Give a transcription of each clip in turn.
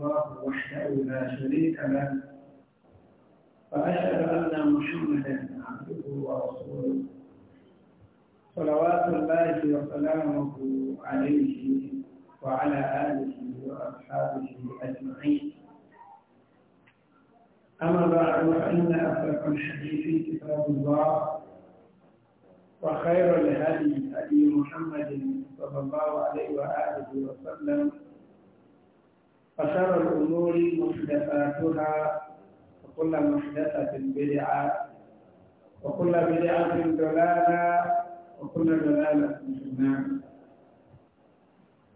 الله وحده لا شريك له وأشهد أن محمدا عبده ورسوله صلوات الله وسلامه عليه وعلى آله وأصحابه أجمعين أما بعد فإن أفرق الحديث كتاب الله وخير الهدي هدي محمد صلى الله عليه وآله وسلم فشر الأمور محدثاتها وكل محدثة بدعة وكل بدعة ضلالة وكل ضلالة في النار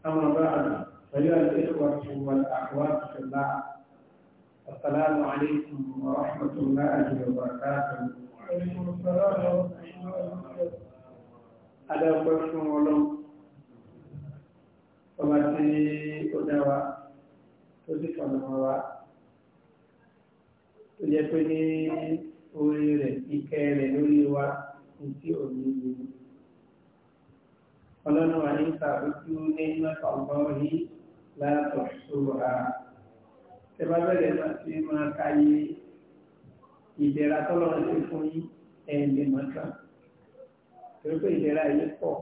أما بعد فيا الإخوة والأخوات في الله السلام عليكم ورحمة الله وبركاته وعليكم السلام ورحمة الله وبركاته أدعوكم ولو وما tó sì fọ̀nà hàn wá tó jẹ́ pé ní orí rẹ̀ ìkẹ́ rẹ̀ lórí wa ní tí ò ní gbogbo ọlọ́run wà ní ìtàkùjú ní mẹ́fà ọgbọ́n yìí látọ̀ sóra tẹ bá bẹ̀rẹ̀ máa ti máa káyé ìdẹ̀ra tọ́lọ́run ti fún yín ẹ̀ẹ́dẹ̀ mọ́tà torí pé ìdẹ̀ra yìí pọ̀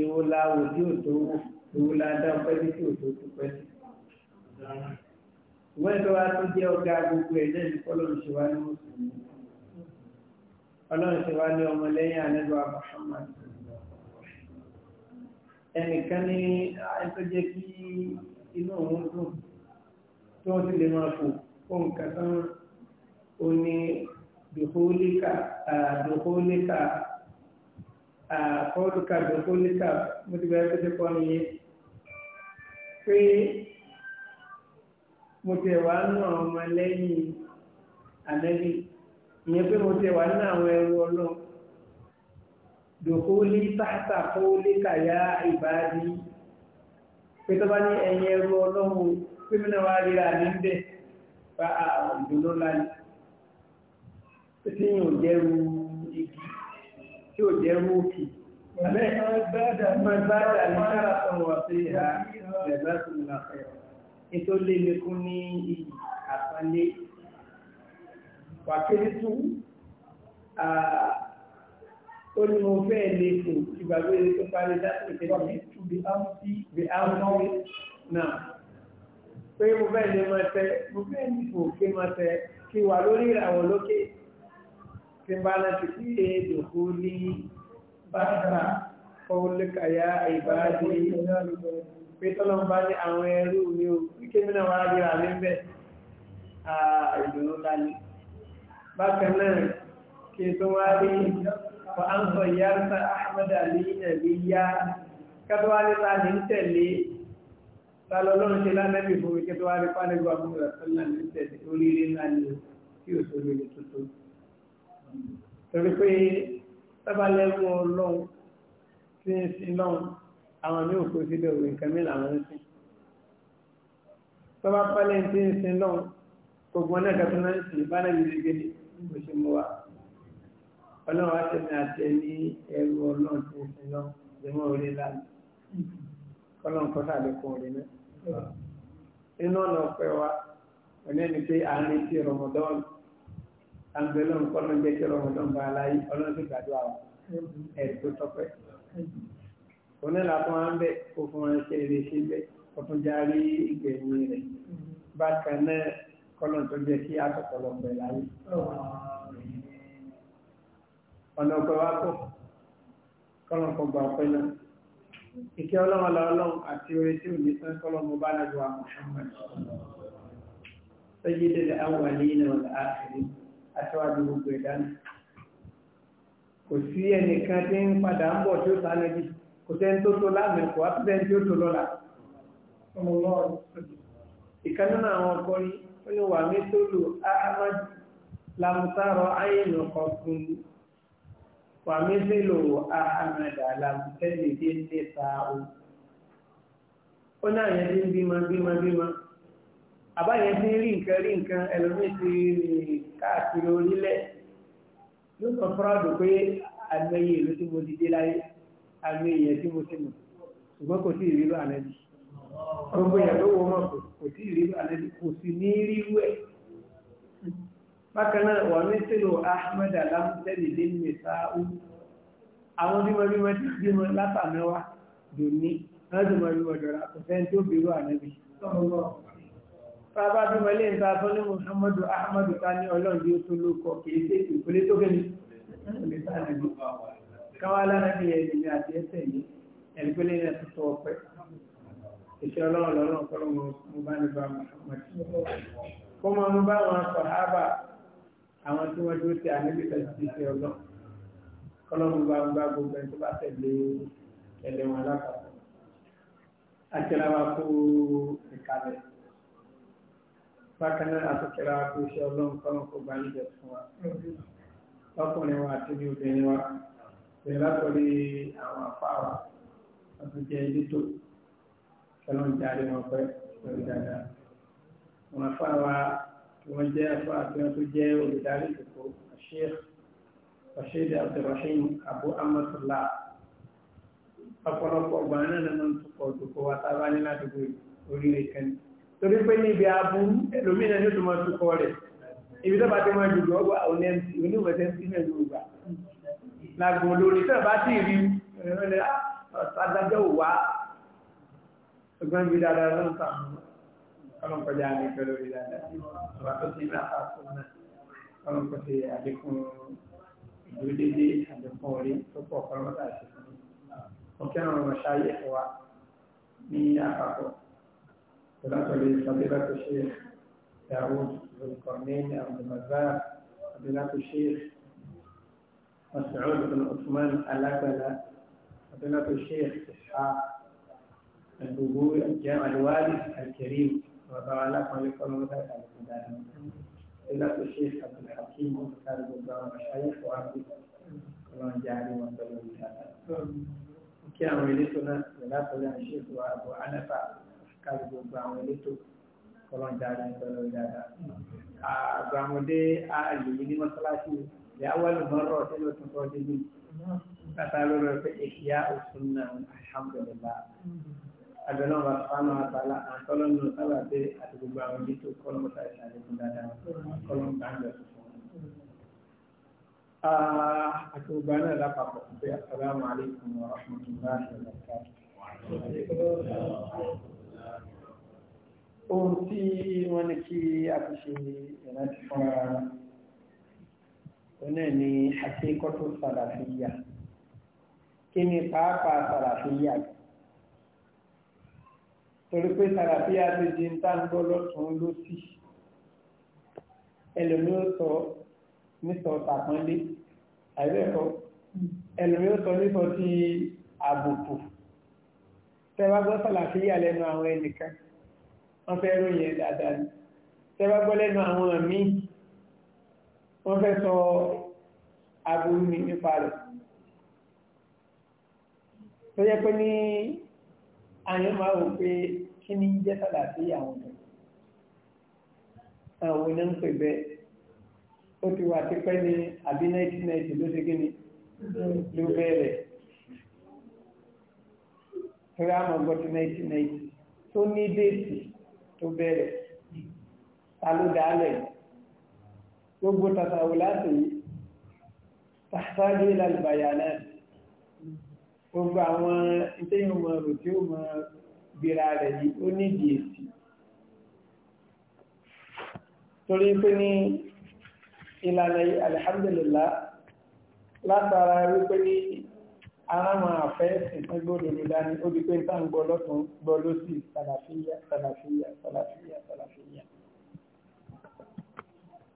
ìwo tí ò tó wò ìwo tí ò tó tó pẹ́ sí wọ́n tó wá tó jẹ́ ọ̀gá gbogbo ẹ̀ náà ní kọ́lọ́run ṣe wá ní mùsùlùmí ọlọ́run ṣe wá ní ọmọlẹ́yìn àlẹ́gbà Muhammad ẹnìkan ní àìsọ jẹ́ kí inú òun dùn tó wọ́n ti lè máa fò fún nǹkan tán ó ní dùkúlíkà dùkúlíkà kọ́ọ̀dùkà dùkúlíkà mo ti bẹ̀rẹ̀ pé pé mo tẹ̀ wá nù àwọn ọmọ lẹ́yìn ànẹ́bí ìyẹn pé mo tẹ̀ wá nù àwọn ẹrú ọlọ́ dòkólí tààtà kólé kàyà ìbáàdí pé tó bá ní ẹ̀yìn ẹrú ọlọ́run pé mi náà wá ríra ní bẹ́ẹ̀ bá àwọn ìdùnnú lánìí tí yìí ò jẹ́rú igi tí ò jẹ́rú òkè Mẹ́gbàdà ní sára ọmọ àti ìhà ẹ̀gbẹ́ sí ìlàfẹ́ ọ̀rọ̀ tó lé mekún ní iyì àpánlé wàkéré tú ó ní mo fẹ́ lè fò ìgbàgbé tó parí láti ìtẹ́lẹ̀ tú bí áwùsí bí áwùsí náà pé mo fẹ́ lè máa tẹ mo fẹ́ lè fò kí máa tẹ kí wà lórí ìràwọ̀ lókè tí bá láti sí èdòkó ní bàtà kọ́wọ́lẹ́kàyà ìbáàdì pé tọ́lọ́mbá ní àwọn ẹrú mi ò kémìnà wà ríra rí ń bẹ́ ìdùnnú lálé bákan náà kí tó wá rí fa an sọ yárta ahmad ali nàbí yá kátówá rí ta ní tẹ̀lé tálọ́lọ́run ṣe lánàbì fún mi kí tó wá rí pálẹ́gbà fún ìrọ̀sọ́lá ní tẹ̀lé oríire ńlá ni tí ò tó lórí tuntun torí pé tábàlẹ́gùn ọlọ́run tí ń sin lọ́run àwọn ní òkú síbẹ̀ òwe nǹkan mìíràn ń sìn tọ́ba pálẹ̀ ń tí ń sin lọ́wọ́ gbogbo náà kàtó náà ń sì bá náà yìí gẹ́gẹ́ bó ṣe mú wa ọlọ́run àtẹ̀mí àtẹ ní ẹrú ọlọ́run tí ń sin lọ́wọ́ ìgbìmọ̀ orí lálẹ́ ọlọ́run kọ́ sàlékún orí náà inú ọ̀nà ọ̀pẹ wa òní ẹni pé àárín ti rọmọdọ́ọ̀nù àgbẹ̀lọ́n kọ́lọ́n jẹ́ kí rọmọdọ́ọ̀nù bá aláyé ọlọ́run sì gbàdúrà tó tọ́pẹ́ òní làkún à ń bẹ̀ kó fún ọtún járí ìgbẹ̀yìn rẹ̀ bákan náà kọ́nà tó jẹ́ kí àtọ̀pọ̀lọpọ̀ láyé ọ̀nà ọ̀pẹ̀ wá pọ̀ kọ́nà kan gba ọ̀pẹ̀ náà ìkẹ́ ọlọ́run ọlọ́run àti orí tí ò ní sán kọ́lọ́mù bá lájọ wa Muhammad sẹ́yìndé àwọn àlẹ́yìn ọ̀là àṣírí aṣọ́wájú gbogbo ẹ̀dá náà kò sí ẹnìkan tí ń padà ń bọ̀ tí ó sáré bí kò sẹ́ni tó tó láàmì kò wá sí ẹni tó lọ́la ọmọ ọlọ́run ìkan nínú àwọn ọkùnrin ó ní wà mí tólu ahmad lamtaro ayélu ọkùnrin wà mí sílò ahmad alamtẹ́lẹ̀ dé ní sàáwó ó ní àyẹ̀ tí ń bímọ bímọ bímọ àbáyẹ̀ tí ń rí nǹkan rí nǹkan ẹlòmíì ti rìn káàkiri orílẹ̀ yóò sọ pé àgbẹ̀yẹ̀ ìlú tí mo ti dé láyé àgbẹ̀yẹ̀ tí mo ti mọ̀ ṣùgbọ́n kò sí ìrírí ànẹ́bí gbogbo èèyàn ló wọ ọmọ kò sí ìrírí àlejò kò sí ní rírú ẹ̀ bákan náà wà ní sílò ahmed alamtẹ́lì lẹ́nu ìsáú àwọn bímọbímọ ti bímọ látàmẹ́wá dòní láti mọ bímọ dọ̀rọ̀ àkọsẹ́ tí ó bèrò ànábì bàbá bímọ ilé ìta tó ní muhammadu ahmed ta ní ọlọ́run bí ó tó lóko kìí ṣe ìpínlẹ̀ tó kẹ́ni ìpínlẹ̀ sáà nàbí káwá lánàbí ẹ̀yìn àti ẹsẹ̀ yìí ẹ̀rí pẹ́lẹ́ yẹn tó tọ́ ọpẹ́ iṣẹ́ ọlọ́run lọ́nà kọ́lọ́ mo bá ní bá Muhammad kó máa mú bá àwọn sọ̀hábà àwọn tí wọ́n dúró ti àníbi tẹ̀sí ti ṣe ọlọ́ kọ́lọ́ mo bá gba gbogbo ẹni tó bá tẹ̀lé ẹ̀lẹ́ wọn lápapọ̀ akẹ́láwa kó ìkàlẹ̀ bákan náà àtọ́kẹ́láwa kó iṣẹ́ ọlọ́run kọ́lọ́ kó gba níjẹ fún wa lọ́kùnrin wa ilé tó kù kẹlọ́n jáde wọn pẹ́ pẹ̀lú dáadáa. wọn afá wa tí wọ́n jẹ́ afá àti wọn tó jẹ́ olùdarí ìdìbò Sheikh Rashid Abdulrahim Abu Amatullah ọ̀pọ̀lọpọ̀ ọgbà náà lọ́nà tukọ̀ tukọ̀ wa tábà ní ládùúgbò orílẹ̀ kan torí pé níbi aburú ẹlòmínà ní ìtumọ̀ tukọ̀ rẹ̀ ibi tó bá ti máa dùgbò ọgbà onímọ̀tẹ́ sí náà ló gbà lágbo lórí tó bá ti rí ọ̀sádájọ́ ah, wà ṣùgbọ́n ibi dáadáa ló ń sàmù ọlọ́n kọjá ní pẹ̀lú orí dáadáa ọba tó ti ní àpapọ̀ náà ọlọ́n kọ́ sí àdékùn ìdúródédé àdékùn orí tó pọ̀ kọ́lọ́mọ́tà àti fún mi ọ̀kẹ́ àwọn ọmọ ṣáyé wa ní àpapọ̀ ìlàtọ̀lẹ̀ ìfàdílà tó ṣe ìyàwó ìkọ̀mẹ́ni àbùmọ̀zá àbílà tó ṣe مسعود بن عثمان الأبوي الجامع الوالد الكريم وبعلا خلق الله تعالى إلى الشيخ عبد الحكيم وكان قدام المشايخ وعبد الله جعل وصلى الله وكان وليتنا ولا صلى الشيخ وأبو عنفة كان قدام وليته kọlọ́n dáadáa tọ́lọ́ dáadáa. Àgbàmọ̀dé àlèyé ní mọ́sálásí ìyáwó àlùmọ́rọ̀ tẹ́lẹ̀ tó tọ́ dé ní. Bàtà lọ́rọ̀ pé ìkíyà òsùn náà alhamdulillah àbẹ̀lọ́ wa fánà àtàlà àtọ́lọ́nù sábà pé àti gbogbo àwọn ibi tó kọ́ lọ́mọ́ta ìṣàlẹ̀kùn dáadáa kọ́lọ́mù bá ń bẹ̀ fún àti gbogbo náà lápapọ̀ pé assalamu alaikum wa rahmatullahi wa barakatuh. ohun tí wọ́n ní kí a fi ṣe ìrántí fúnra oní ní àti kọ́tù sàlàfíyà kí ni pàápàá sàlàfíyà yìí torí pé sàràfí àtijì ń tàǹgbọ́ lọ́tún ló sì ẹlòmíì ó sọ nítọ̀ tàpọ́nlé àìbẹ́ẹ̀kọ́ ẹlòmíì ó sọ nítọ̀ ti àbùkù tẹ́wá gbọ́ sàràfí àlẹ́nu àwọn ẹnìkan wọ́n fẹ́ ròyìn dáadáa ni tẹ́wá gbọ́ lẹ́nu àwọn míì wọ́n fẹ́ sọ aburú mi nípa rẹ̀ tó yẹ pé ní àyàn máa wò pé kí ni jẹ́ sàlàfí àwọn ọ̀dọ́ àwọn iná ń pè bẹ́ẹ̀ ó ti wà tipẹ́ ní àbí 1990 ló ṣe kí ni ló bẹ̀rẹ̀ torí àmọ́ gbọ́ ti 1990 tó ní déètì tó bẹ̀rẹ̀ ta ló dálẹ̀ gbogbo tàtàwò láti yìí lálùbáyà náà gbogbo àwọn ìtẹ́yìn ọmọ rò tí ó mọ gbéra rẹ̀ yìí ó nídìí èsì torí pé ní ìlànà alhamdulillah látara wípé ní aráàmà àfẹ́ẹ̀sì fún gbódòdó dání ó di pé nǹkan gbọ́ lọ́tún gbọ́ lọ́sì sàlàfíà sàlàfíà sàlàfíà sàlàfíà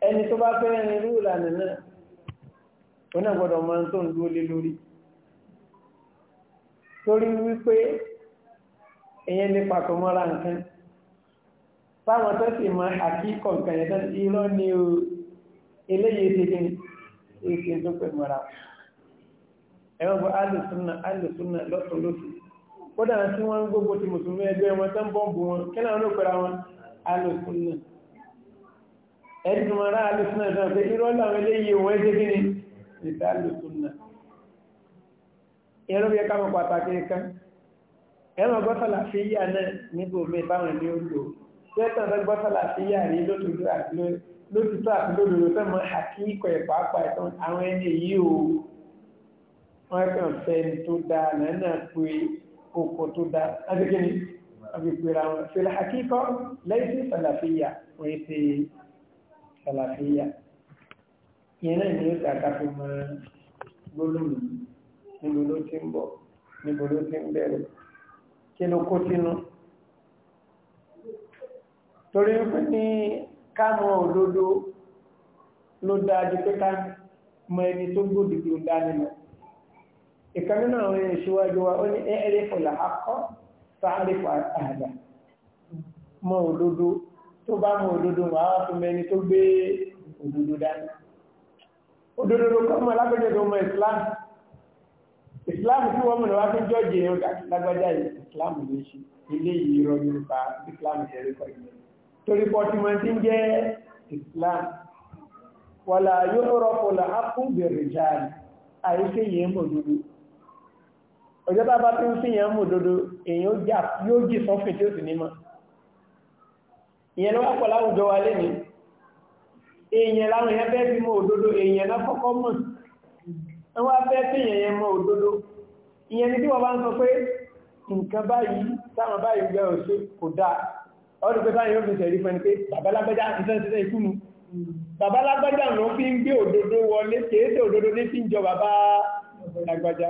ẹni tó bá fẹ́ rin irú ìlànà náà ó náà gbọ́dọ̀ máa ń tó ń dúró lé lórí torí wípé èyàn lè pàtó mọ́ra nǹkan táwọn tó sì mọ àkíkọ̀ nǹkan yẹn tán ni o eléyìí ti kí èsì tó pè mọ́ra ẹ̀rọ bọ́ alùsùnà alùsùnà lọ́tọ̀ lọ́sì kódà tí wọ́n ń gbogbo ti mùsùlùmí ẹgbẹ́ wọn tán bọ́ǹbù wọn kí náà ló wọn alùsùnà ẹ̀dùnmọ́ra alùsùnà pé eléyìí ìyẹn ló fi ká mọ̀ pàtàkì kan ẹ̀rọ gbọ́sọ̀lá fi yà náà níbo mi báwọn ní odò tẹ́tàn tó gbọ́sọ̀lá fi yà rí lótòdó àti lótòtó àti lódòdó tó mọ àkíkọ̀ ẹ̀ pàápàá ẹ̀ tán àwọn ẹni yìí o wọ́n kàn fẹ́ ni tó dáa lẹ́nà pé oko tó dáa láti kí ni àbí pèrà wọn fèlè àkíkọ́ lẹ́yìn sàlàfíyà wọ́n ṣe sàlàfíyà ìyẹn náà ni ó ti àkàfẹ́ gbólóhùn níbo ló ti ń bọ̀ níbo ló ti ń bẹ̀rẹ̀ kí ló kó sínú torí pé ní kámọ̀ òdodo ló dájú pé ká mọ ẹni tó gbòdìgbò dání lọ ìkan nínú àwọn èèyàn ìṣíwájú wa ó ní ẹ̀ẹ́rẹ́ fọlá akọ́ sáré fọ àdá mọ òdodo tó bá mọ òdodo wà á fún ẹni tó gbé òdodo dání òdodo ló kọ́ mọ́ alágbèjọ́ tó mọ ìsìláàmù islam tí wọ́n mìíràn wá fi jọ́ọ̀jì yẹn lágbájá yìí islam ṣe ilé yìí rọ nípa islam tẹ̀lé kọ́ ìyẹn torí pọ̀ tí wọ́n ti ń jẹ́ yóò rọ́pò jáde yẹn mọ̀ dúdú ọjọ́ bá bá tí ń yẹn mọ̀ dúdú èèyàn yóò jì sọ́fìn tí ó sì ní mọ́ ìyẹn ló wá pọ̀ láwùjọ wa wá fẹ́ tí yẹnyẹn mọ́ òdodo ìyẹn ni tí wọ́n bá ń sọ pé nǹkan báyìí táwọn báyìí gbẹ́ òṣè kò dáa ọdún pé báyìí ó fi tẹ̀rí fún ẹni pé babalágbájá ìtẹ́sẹ̀ ìkúnu babalágbájá ló fi ń gbé òdodo wọlé kéèdè òdodo ní fi ń jọ bàbá lágbájá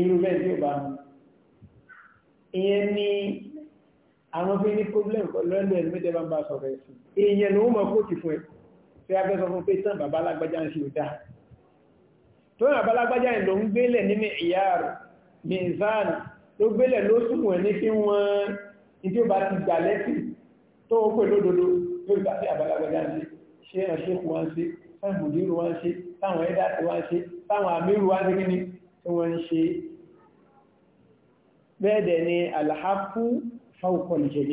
irú bẹ́ẹ̀ tí ó bá mú ìyẹn ni àwọn fi ní problem pẹ̀lú ẹ̀lú ẹ̀lú mẹ́tẹ̀ẹ́ bá ń bá sọ̀rọ̀ ẹ̀sìn èèyàn ló mọ̀ kó ti fún ẹ̀kọ́ tí a fẹ́ sọ fún pé tán bàbá alágbájá ń ṣe òdá tó rìn àbálágbájá ìlò ń gbélẹ̀ nínú ìyá rẹ̀ ní ìsáànà tó gbélẹ̀ ló súnmọ̀ ní kí wọ́n ìdí ò bá ti gbà lẹ́sìn tó ó pè lódodo lórí bá sí àbálágbájá ń ṣe ṣe ẹ̀ṣẹ́ ṣe táwọn mùdírù ṣe táwọn ẹ̀dá ti wá ṣe táwọn àmírù wá ṣe kí ni tí wọ́n ń ṣe bẹ́ẹ̀dẹ̀ ni alhaku fáwọkọ̀ nìjẹ̀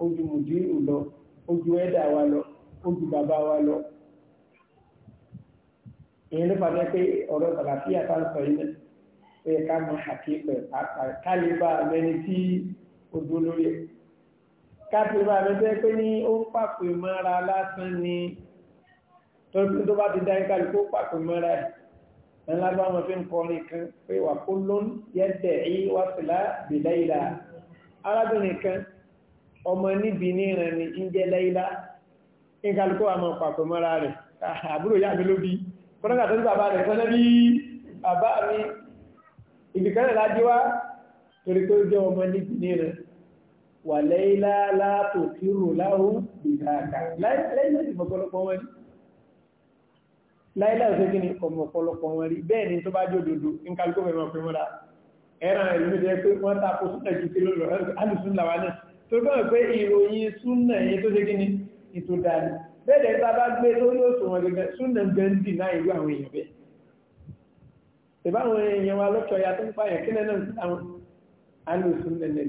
ó ju mùdírù lọ ó ju ẹ̀dà wa lọ ó ju bàbá wa lọ ìyẹn ló fàdé pé ọ̀rọ̀ sàlàfíà tá ń sọ yìí pé ká mọ àkíkọ̀ kálíbà mẹni tí ó dúró lórí ẹ̀ kálíbà mẹni tó yẹ pé ní ó ń pàpè mọ́ra lásán ni tọ́jú tó bá ti dá ìkàlù kó pàpè mọ́ra ẹ̀ ẹ̀ńlá bá wọn fi ń kọrin kan pé wà kó lóun yẹ́ tẹ̀ ẹ́ wá sílá bìlẹ́ ìlà arábìnrin kan ọmọ níbi ní ìrìn ní ìjẹ́ lẹ́ilá ìkàlùkọ́ àmọ́ pàpọ̀ mọ́ra rẹ̀ ah, àbúrò yá mi ló bí kọ́nàkà tó ní bàbá rẹ̀ sọ́nà bí bàbá mi ìbìkanẹ̀ lájú wá torí pé ó jẹ́ ọmọ níbi ní rẹ̀ wà lẹ́ilá látò tí rò láhùn ìdáàkà lẹ́ilá ti mọ̀pọ̀lọpọ̀ wọn rí láìlá ò sékí ni ọmọ̀pọ̀lọpọ̀ wọn rí bẹ́ẹ̀ ni tó bá jó dodo ìkàlùkọ́ fẹ́ mọ̀ pé mọ́ra ẹran ìlú jẹ́ pé wọ́n ta kó sún tó bẹ́ẹ̀ pé ìròyìn súnà yẹn tó ṣe kíni ètò dání bẹ́ẹ̀ tá a bá gbé lórí òṣùwọ̀n gẹ́gẹ́ súnà gbẹ́ ń dì náà irú àwọn èèyàn bẹ́ẹ̀ ìbáwọn èèyàn wa lọ́tọ̀ ya tó ń pààyàn kí lẹ́nà ń sí àwọn alùsùn lẹ́lẹ́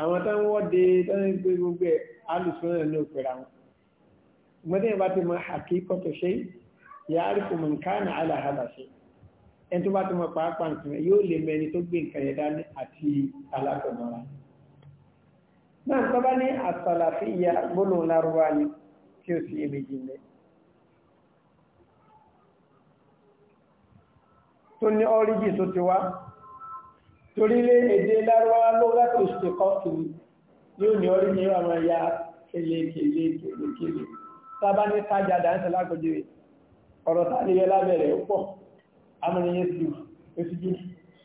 àwọn tó ń wọ́de tó ń gbé gbogbo ẹ̀ ẹni tó bá ti mọ pàápàá nǹkan yóò lè mẹni tó gbé nǹkan yẹn dání àti alákọ̀ọ́mọ́ra náà tó bá ní àsàlàfíyà gbólóhùn lárúbá ni tí ó sì yé méjì ń bẹ tó ní ọ́rígì tó ti wá torí lé èdè lárúbá ló láti ṣèkọ́tù yóò ní ọ́rígì yóò máa ya kelekele kelekele tábà ní sájà dáńsẹ̀ lágbèjì ọ̀rọ̀ tá a lè yẹ lábẹ́rẹ̀ ó pọ̀ amẹ́rin yẹn sùn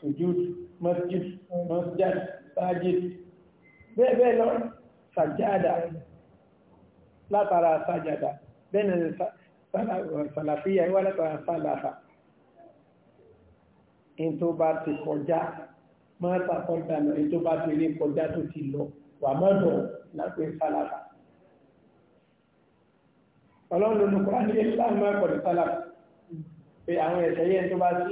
sujud, masjid, masjid masjad sajid bẹ́ẹ̀ bẹ́ẹ̀ lọ sàjádà látara sàjádà bẹ́ẹ̀ nà sàlàfíà wà látara sàlàfà ètò bá ti kọjá máa tàkọjá lọ ètò bá ti rí kọjá tó ti lọ wà mọ́dọ̀ lápẹ́ sàlàfà ọlọ́run lónìí kọ́ra ní ilé láàmú ẹ̀kọ́ sàlàfà pé àwọn ẹ̀ṣẹ̀ yẹn tó bá ṣe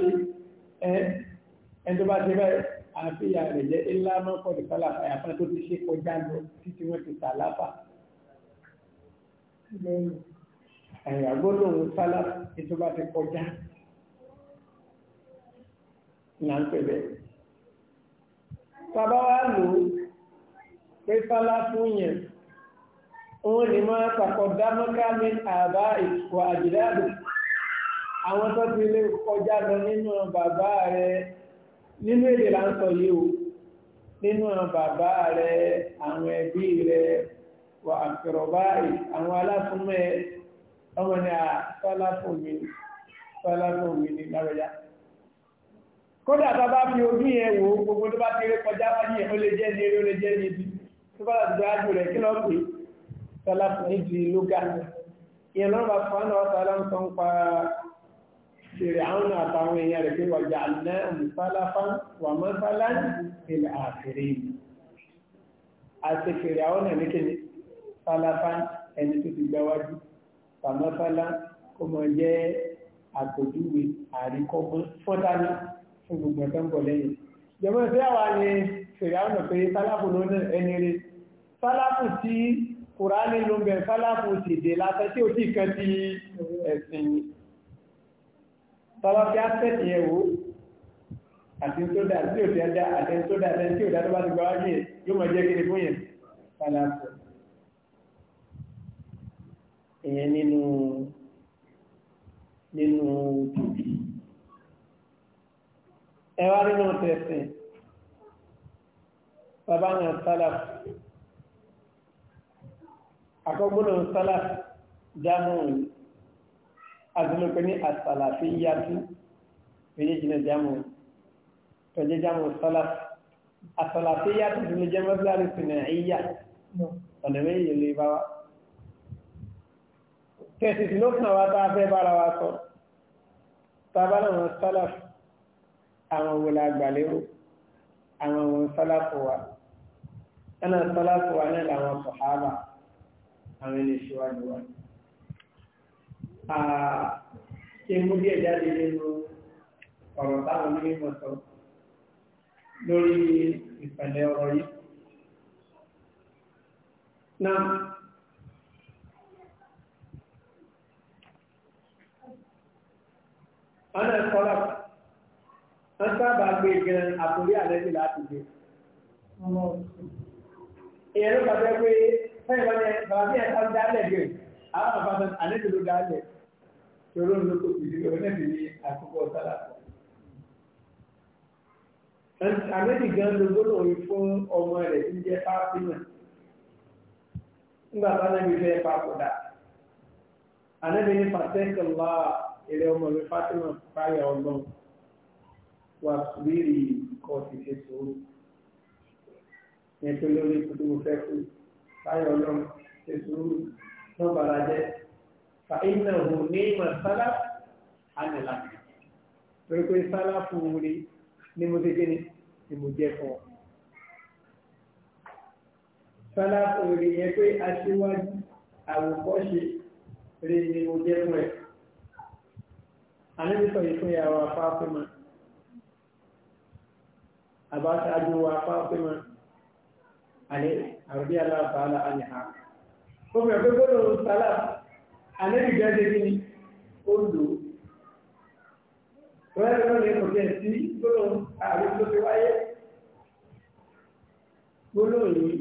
ẹn tó bá ṣe bẹ́ẹ̀ àfi ìyá rẹ̀ jẹ́ ńlá mọ́kànlá sálàfà àyàfà tó ti ṣe kọjá lọ títí wọ́n ti sàláfà ẹ̀yà gbọ́dọ̀ ń sálà tó bá ti kọjá là ń pè bẹ́ẹ̀. Bàbá wa fún yẹn, òun ni máa tàkọ̀ dámọ́ká ní àbá ìtùkọ̀ àjìdáàbò àwọn tó ti lè kọjá lọ nínú bàbá rẹ nínú èdè là ń sọ yìí o nínú bàbá rẹ àwọn ẹbí rẹ wà àkìrọ̀bá àwọn alásùnmọ́ ẹ ọmọ ní àtọ́láfún mi tọ́láfún mi ní lárọ̀yá kódà tó bá fi ojú yẹn wò ó gbogbo tó bá ti rí kọjá wáyé ó lè jẹ́ ní eré lè jẹ́ ní ibi tó bá láti gba ájú kí lọ́ọ́ pè tọ́láfún ní lóga ìyẹn lọ́nà bá fọ́nà ọ̀tá lọ́nà tó ń pa fèrè àwọn àtàwọn èèyàn rẹ̀ pé wàjà náà mùsálàfán wà mọ́sálá ilẹ̀ àfèrè àti fèrè àwọn ẹ̀mẹ́kẹ́ni sálàfán ẹni tó ti gbáwájú wà mọ́sálá kó mọ jẹ́ àpòjúwe àríkọ́gbọ́n fọ́tání fún gbogbo ẹ̀tọ́ ń bọ̀ lẹ́yìn jẹ́mọ́ sí àwa ni fèrè àwọn pé sálàfù ló náà ẹni rẹ̀ sálàfù tí kùránì ló ń bẹ sálàfù ti dè látẹ́ tí ó sì kan ti ẹ̀sìn yìí tọ́wọ́ fi áṣẹ́tì yẹn wò àti tó dá tí ò fi ẹja àti tó dá ẹni tí ò dá tó bá ti gba wájú yẹn yóò mọ̀ jẹ́ kí ni fún yẹn padà sọ. ìyẹn nínú nínú tòbí ẹ nínú tẹ̀sìn bàbá náà sálà àkọ́gbọ́n sálà jámọ́ òní azumike ní asalafi yatu méjèèjì náà jámù tọjẹ jámù salaf asalafi yatu tó ní jẹmọ fúlàní sinà ìyá ọ̀nà méjèèjì lè bá wa tẹ̀sí tí ló kàn wá tá a fẹ́ bára wa sọ tábà náà salaf àwọn wòlá àgbàlérò àwọn àwọn salafu wa ẹnà salafu wa náà àwọn ẹni ìṣíwájú wa kí n mú díẹ̀ jáde nínú ọ̀rọ̀ táwọn onímọ̀ sọ lórí ìpẹ̀lẹ̀ ọ̀rọ̀ yìí. Náà, ọ̀nà ìkọlọ̀, wọ́n sábà gbé gan àkórí àlẹ́bí láti gbé. Ìyẹn ló pàtẹ́ pé fẹ́yìn wọn ni bàbá bí ẹ̀ka ń dálẹ̀ gbé, tòrò ló kò kìí lọ lẹ́bi ní àkókò sálàtà. Àmẹ́bí gan ló gbọ́dọ̀ wí fún ọmọ rẹ̀ tí ń jẹ́ Fáfínà. Nígbà bá lẹ́bi fẹ́ papòdà. Àlẹ́bi ní Fàtẹ́kọ̀lá ilẹ̀ ọmọ mi Fáfínà báyà ọgbọ́n wà lórí kọ́ ti ṣe sòrò. Yẹn tó lórí kúndùmù fẹ́ kú báyà ọlọ́run ṣe sòrò náà jẹ́ fàínàhù ní màsálà ánìlá torí pé sálà fún orí ní mo tẹ́jẹ́ ni ni mo jẹ́ fún ọ. sálà fún orí yẹn pé aṣíwájú àwòkọ́ṣe rí ni mo jẹ́ fún ẹ. àníbi sọ yìí fún ìyàwó afáfímà àbáṣáájú afáfímà àlẹ́ àrùbí aláàbàálà àníhà. ó fi hàn pé gbọ́dọ̀ sálà àlẹ́bí gẹ́gẹ́ bí olù rẹ́rẹ́ lọ́nà ìpọ̀jẹ́ sí gbólóhùn ààrẹ tó ti wáyé gbólóhùn yìí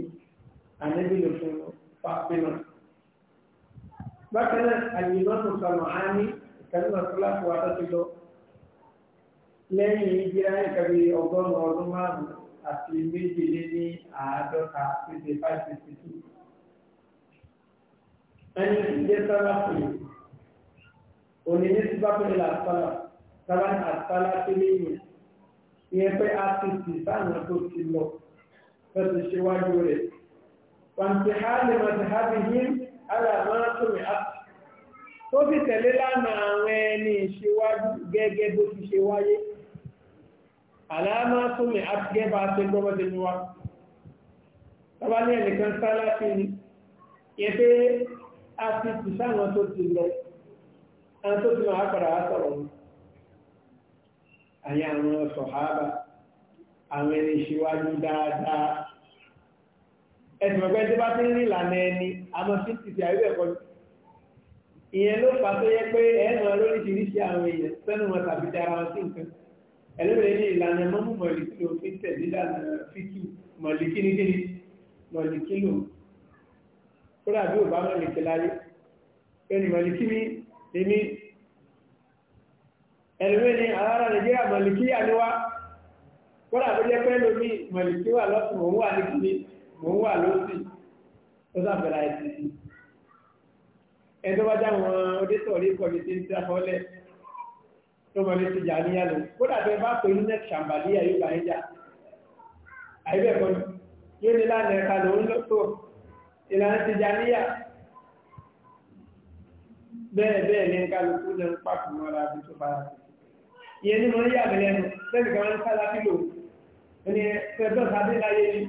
àlẹ́bí lò fún fàfihàn bákan náà àyìnbọn tó sọ̀rọ̀ á ní ìkànnì ọ̀tọ́láfọ̀ àtọ́sílọ lẹ́yìn ìgbéra ìkàbí ọgọ́rùn-ún ọdún márùn-ún àti méjìléní àádọ́ta ẹni tí jẹ́ sára pè òní ní ti bá pẹ̀lú àtàlà sára ní àtàlà tẹ́lẹ̀ yìí ìyẹn pé a ti sì sáànà tó ti lọ fẹsẹ̀ ṣíwájú rẹ̀ pàǹtí ha lè máa ti ha bí yín ara máa tó mi á tó fi tẹ̀lé lánàá àwọn ẹni ìṣíwájú gẹ́gẹ́ bó ti ṣe wáyé àlàámá tó mi á gẹ́ bá ṣe gbọ́bọ́ ti mú wa tọ́ba ní sára sí ni ìyẹn a ti tù sáwọn tó ti lọ àwọn tó ti máa padà wá sọ̀rọ̀ wọn àyà àwọn sọ̀hábà àwọn ẹni ìṣíwájú dáadáa ẹ̀sùn ọ̀gbẹ́ tí bá ti ń rí ìlànà ẹni àmọ́ sí ti fi àríwẹ̀ kọ́ ìyẹn ló fà tó yẹ pé ẹ̀nà lóríṣiríṣi àwọn èèyàn sẹ́nu wọn tàbí dára wọn sí nǹkan ẹlẹ́bẹ̀rẹ̀ kódà bí ò bá mọ̀ lè ti láyé ẹni mọ̀lìkí ní èmi ẹ̀lùmí ni alára nàìjíríà mọ̀lìkí àníwá kódà tó jẹ́ pẹ́ lómi mọ̀lìkí wà lọ́sùn òun wà ní kìíní òun wà lọ́sì ó sàbẹ̀rẹ̀ àìsí sí ẹni bá já wọn odétọ̀ orí mi ti ń tẹ́ afọ́lẹ̀ tó mọ̀ lè ti jà níyà lọ kódà tó bá pè ní nẹ́ẹ̀kì sàmbàlíyà yóò bá ń jà àyíbẹ̀ kọ́ni yóò ní lánàá ẹ̀ka lòún lọ́tọ̀ ìlànà Tìjàníyà bẹ́ẹ̀ bẹ́ẹ̀ ní kálukú ní ń pàtó mọ́ra bí tó bára sí ìyẹn ní wọ́n yà mí lẹ́nu sẹ́ni kan ń sálábí lò ní ẹgbẹ́ sábẹ́ láyé ni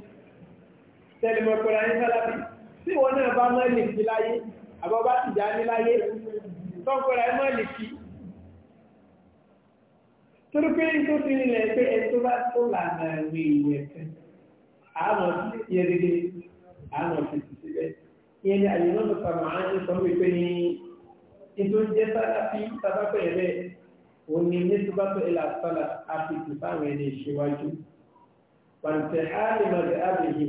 sẹ́ni mọ́kọ́ra ń sálábí tí wọ́n náà bá mọ́ ẹ̀lẹ́kì láyé àbọ̀ bá Tìjàní láyé tọ́kọ́ra ẹ̀ mọ́ ẹ̀lẹ́kì torí pé tó fi nílẹ̀ pé ẹ tó bá tó lànà ìwé àmọ̀ sí yẹ́dẹ́gẹ́ àmọ̀ sí ìyẹn ni àyè náà lọ́pàá màá ń sọ wípé ní ètò ìjẹ́ sáláfí sábàpẹ̀ rẹ̀ òun ni ní sábàpẹ̀ ilà sálà àti ìfàwọn ẹni ìṣíwájú pàǹtẹ̀ àlèmọ̀dé àbèyí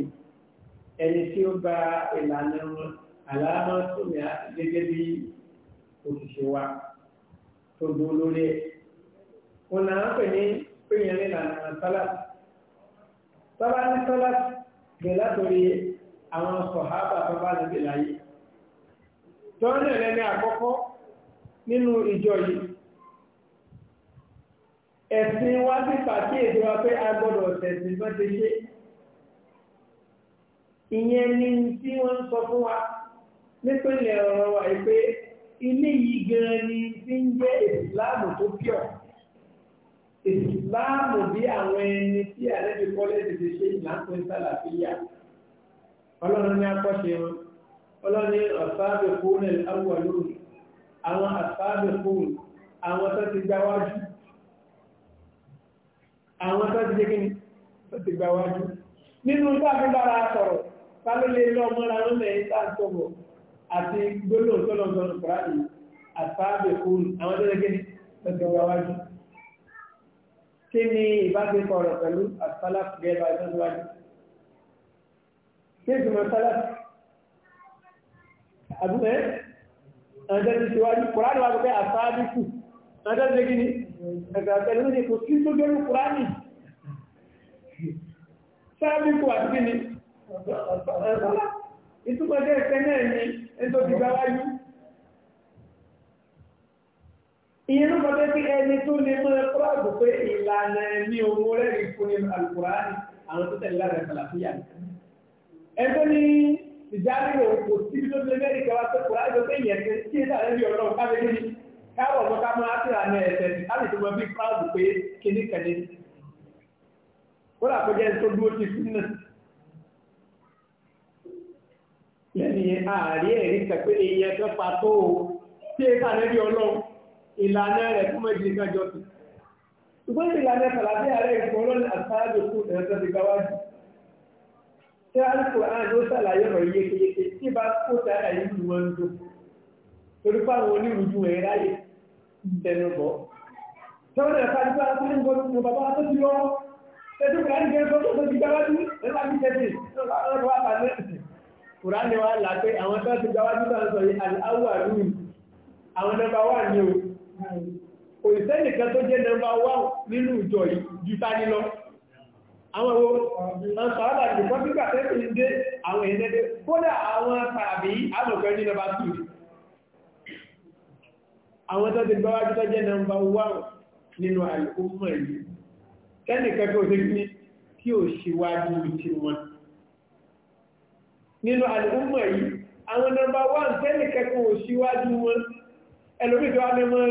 ẹni tí ó gba ìlànà wọn àlámọ́ súnmí gẹ́gẹ́ bí òṣìṣẹ́ wa tó gbó lórí ẹ̀ wọn là ń pè ní péyẹn ìlànà sálà sábà ní sálà gbẹ̀ látòrí àwọn sọ̀hábà tó bá lè láyé tọ́nà ẹ̀lẹ́ni àkọ́kọ́ nínú ìjọ yìí ẹ̀sìn wá sí pàtí èdè wa pé a gbọ́dọ̀ tẹ̀sìn bá ti ṣe ìyẹn ni tí wọ́n ń sọ fún wa nípínlẹ̀ ọ̀rọ̀ wa pé ilé yìí gan ni tí ń jẹ́ ìsìláàmù tó pure ìsìláàmù bí àwọn ẹni tí àlejò kọ́lẹ́sì ti ṣe ìlànà ìsàlàfíà ọlọ́run ní akọ́ṣe wọn ọlọ́run ní ọ̀sáàbẹ̀ fóònù àwọn lórí àwọn àsáàbẹ̀ fóònù àwọn tó ti gbá wájú àwọn tó ti jẹ́ kí ni tó ti gbá wájú nínú sáàfin bára sọ̀rọ̀ sálólé lọ́mọ́ra ló mẹ́rin sáàtọ̀bọ̀ àti gbólóhùn tó lọ́n sọ̀rọ̀ kùránì àsáàbẹ̀ fóònù àwọn tó ti kí ni kéèkì mọ̀ sálá àdúgbẹ́ ẹ̀ẹ́dẹ́gbẹ́ síwájú kùránì wà pẹ́ àsáájú kù ẹ̀ẹ́dẹ́gbẹ́ gíní ẹ̀gbẹ̀rẹ̀ kò sí tó gẹ́rù kùránì sáájú kù àti ni ẹ̀tọ́ ti gbá wájú ìyẹn ló kọjá sí ẹni tó lè mọ́ ẹ̀kọ́ àgbò pé ìlànà ẹ̀mí owó rẹ̀ rí fún ní alùpùránì àwọn tó tẹ̀lé lára ẹ̀fẹ̀ làfíyà ẹgbẹ́ ní ìjáde òun kò sí bí tó ti lé mẹ́rin kẹwa tó kura ẹgbẹ́ pé ìyẹn ti kí ẹ̀dá rẹ̀ bí ọlọ́run káfẹ́ kí káwọ̀ ọ̀gbọ́n ká máa ti rà ní ẹ̀sẹ̀ láti tó mọ bí fúláwù pé kíní kẹ̀lé kódà kó jẹ́ tó dúró ti fún náà lẹ́ni ààrí ẹ̀rí kẹ̀pẹ́ ìyẹn tó pa tó o tí ẹ̀dá rẹ̀ bí ọlọ́run ìlànà rẹ̀ fún méjì kájọ́ tó ṣùgbọ́n ìlànà kàlàbí ààrẹ tí alukur'an ló ṣàlàyé ọ̀rọ̀ yékéyéké tí bá kó sára ìlú wọn ń dùn torí fáwọn onírúurú ẹ̀ ráyè tẹnu bọ̀. tọ́wọ́n náà fàájú bá tún ń gbọ́ nínú bàbá tó ti lọ tẹ́tù kùránì gẹ́gẹ́ tó tó ti gbáwájú nípa bí tẹ́tì lọ́wọ́ àpàlẹ́ kùránì wa là pé àwọn tó ti gbáwájú náà sọ yìí aláwọ̀ àlùmí àwọn nọ́mbà wà ní o kò ìsẹ́nìkan tó jẹ́ nọ́mbà wà nínú ìjọ yìí ju tani lọ àwọn owó ọ̀sánàbà nìkan nígbà tẹ́sí ń dé àwọn èèyàn dé kódà àwọn tàbí àlòkọ́ ní nọmba 2 àwọn tó ti gbáwájú tó jẹ́ nọmba 1 nínú àìkúmọ̀ yìí tẹ́nìkan kí o ṣe kí kí o ṣíwájú ti wọn nínú àìkúmọ̀ yìí àwọn nọmba 1 tẹ́nìkan kí o ṣíwájú wọn ẹlòmíjọ́ alẹ́mọ́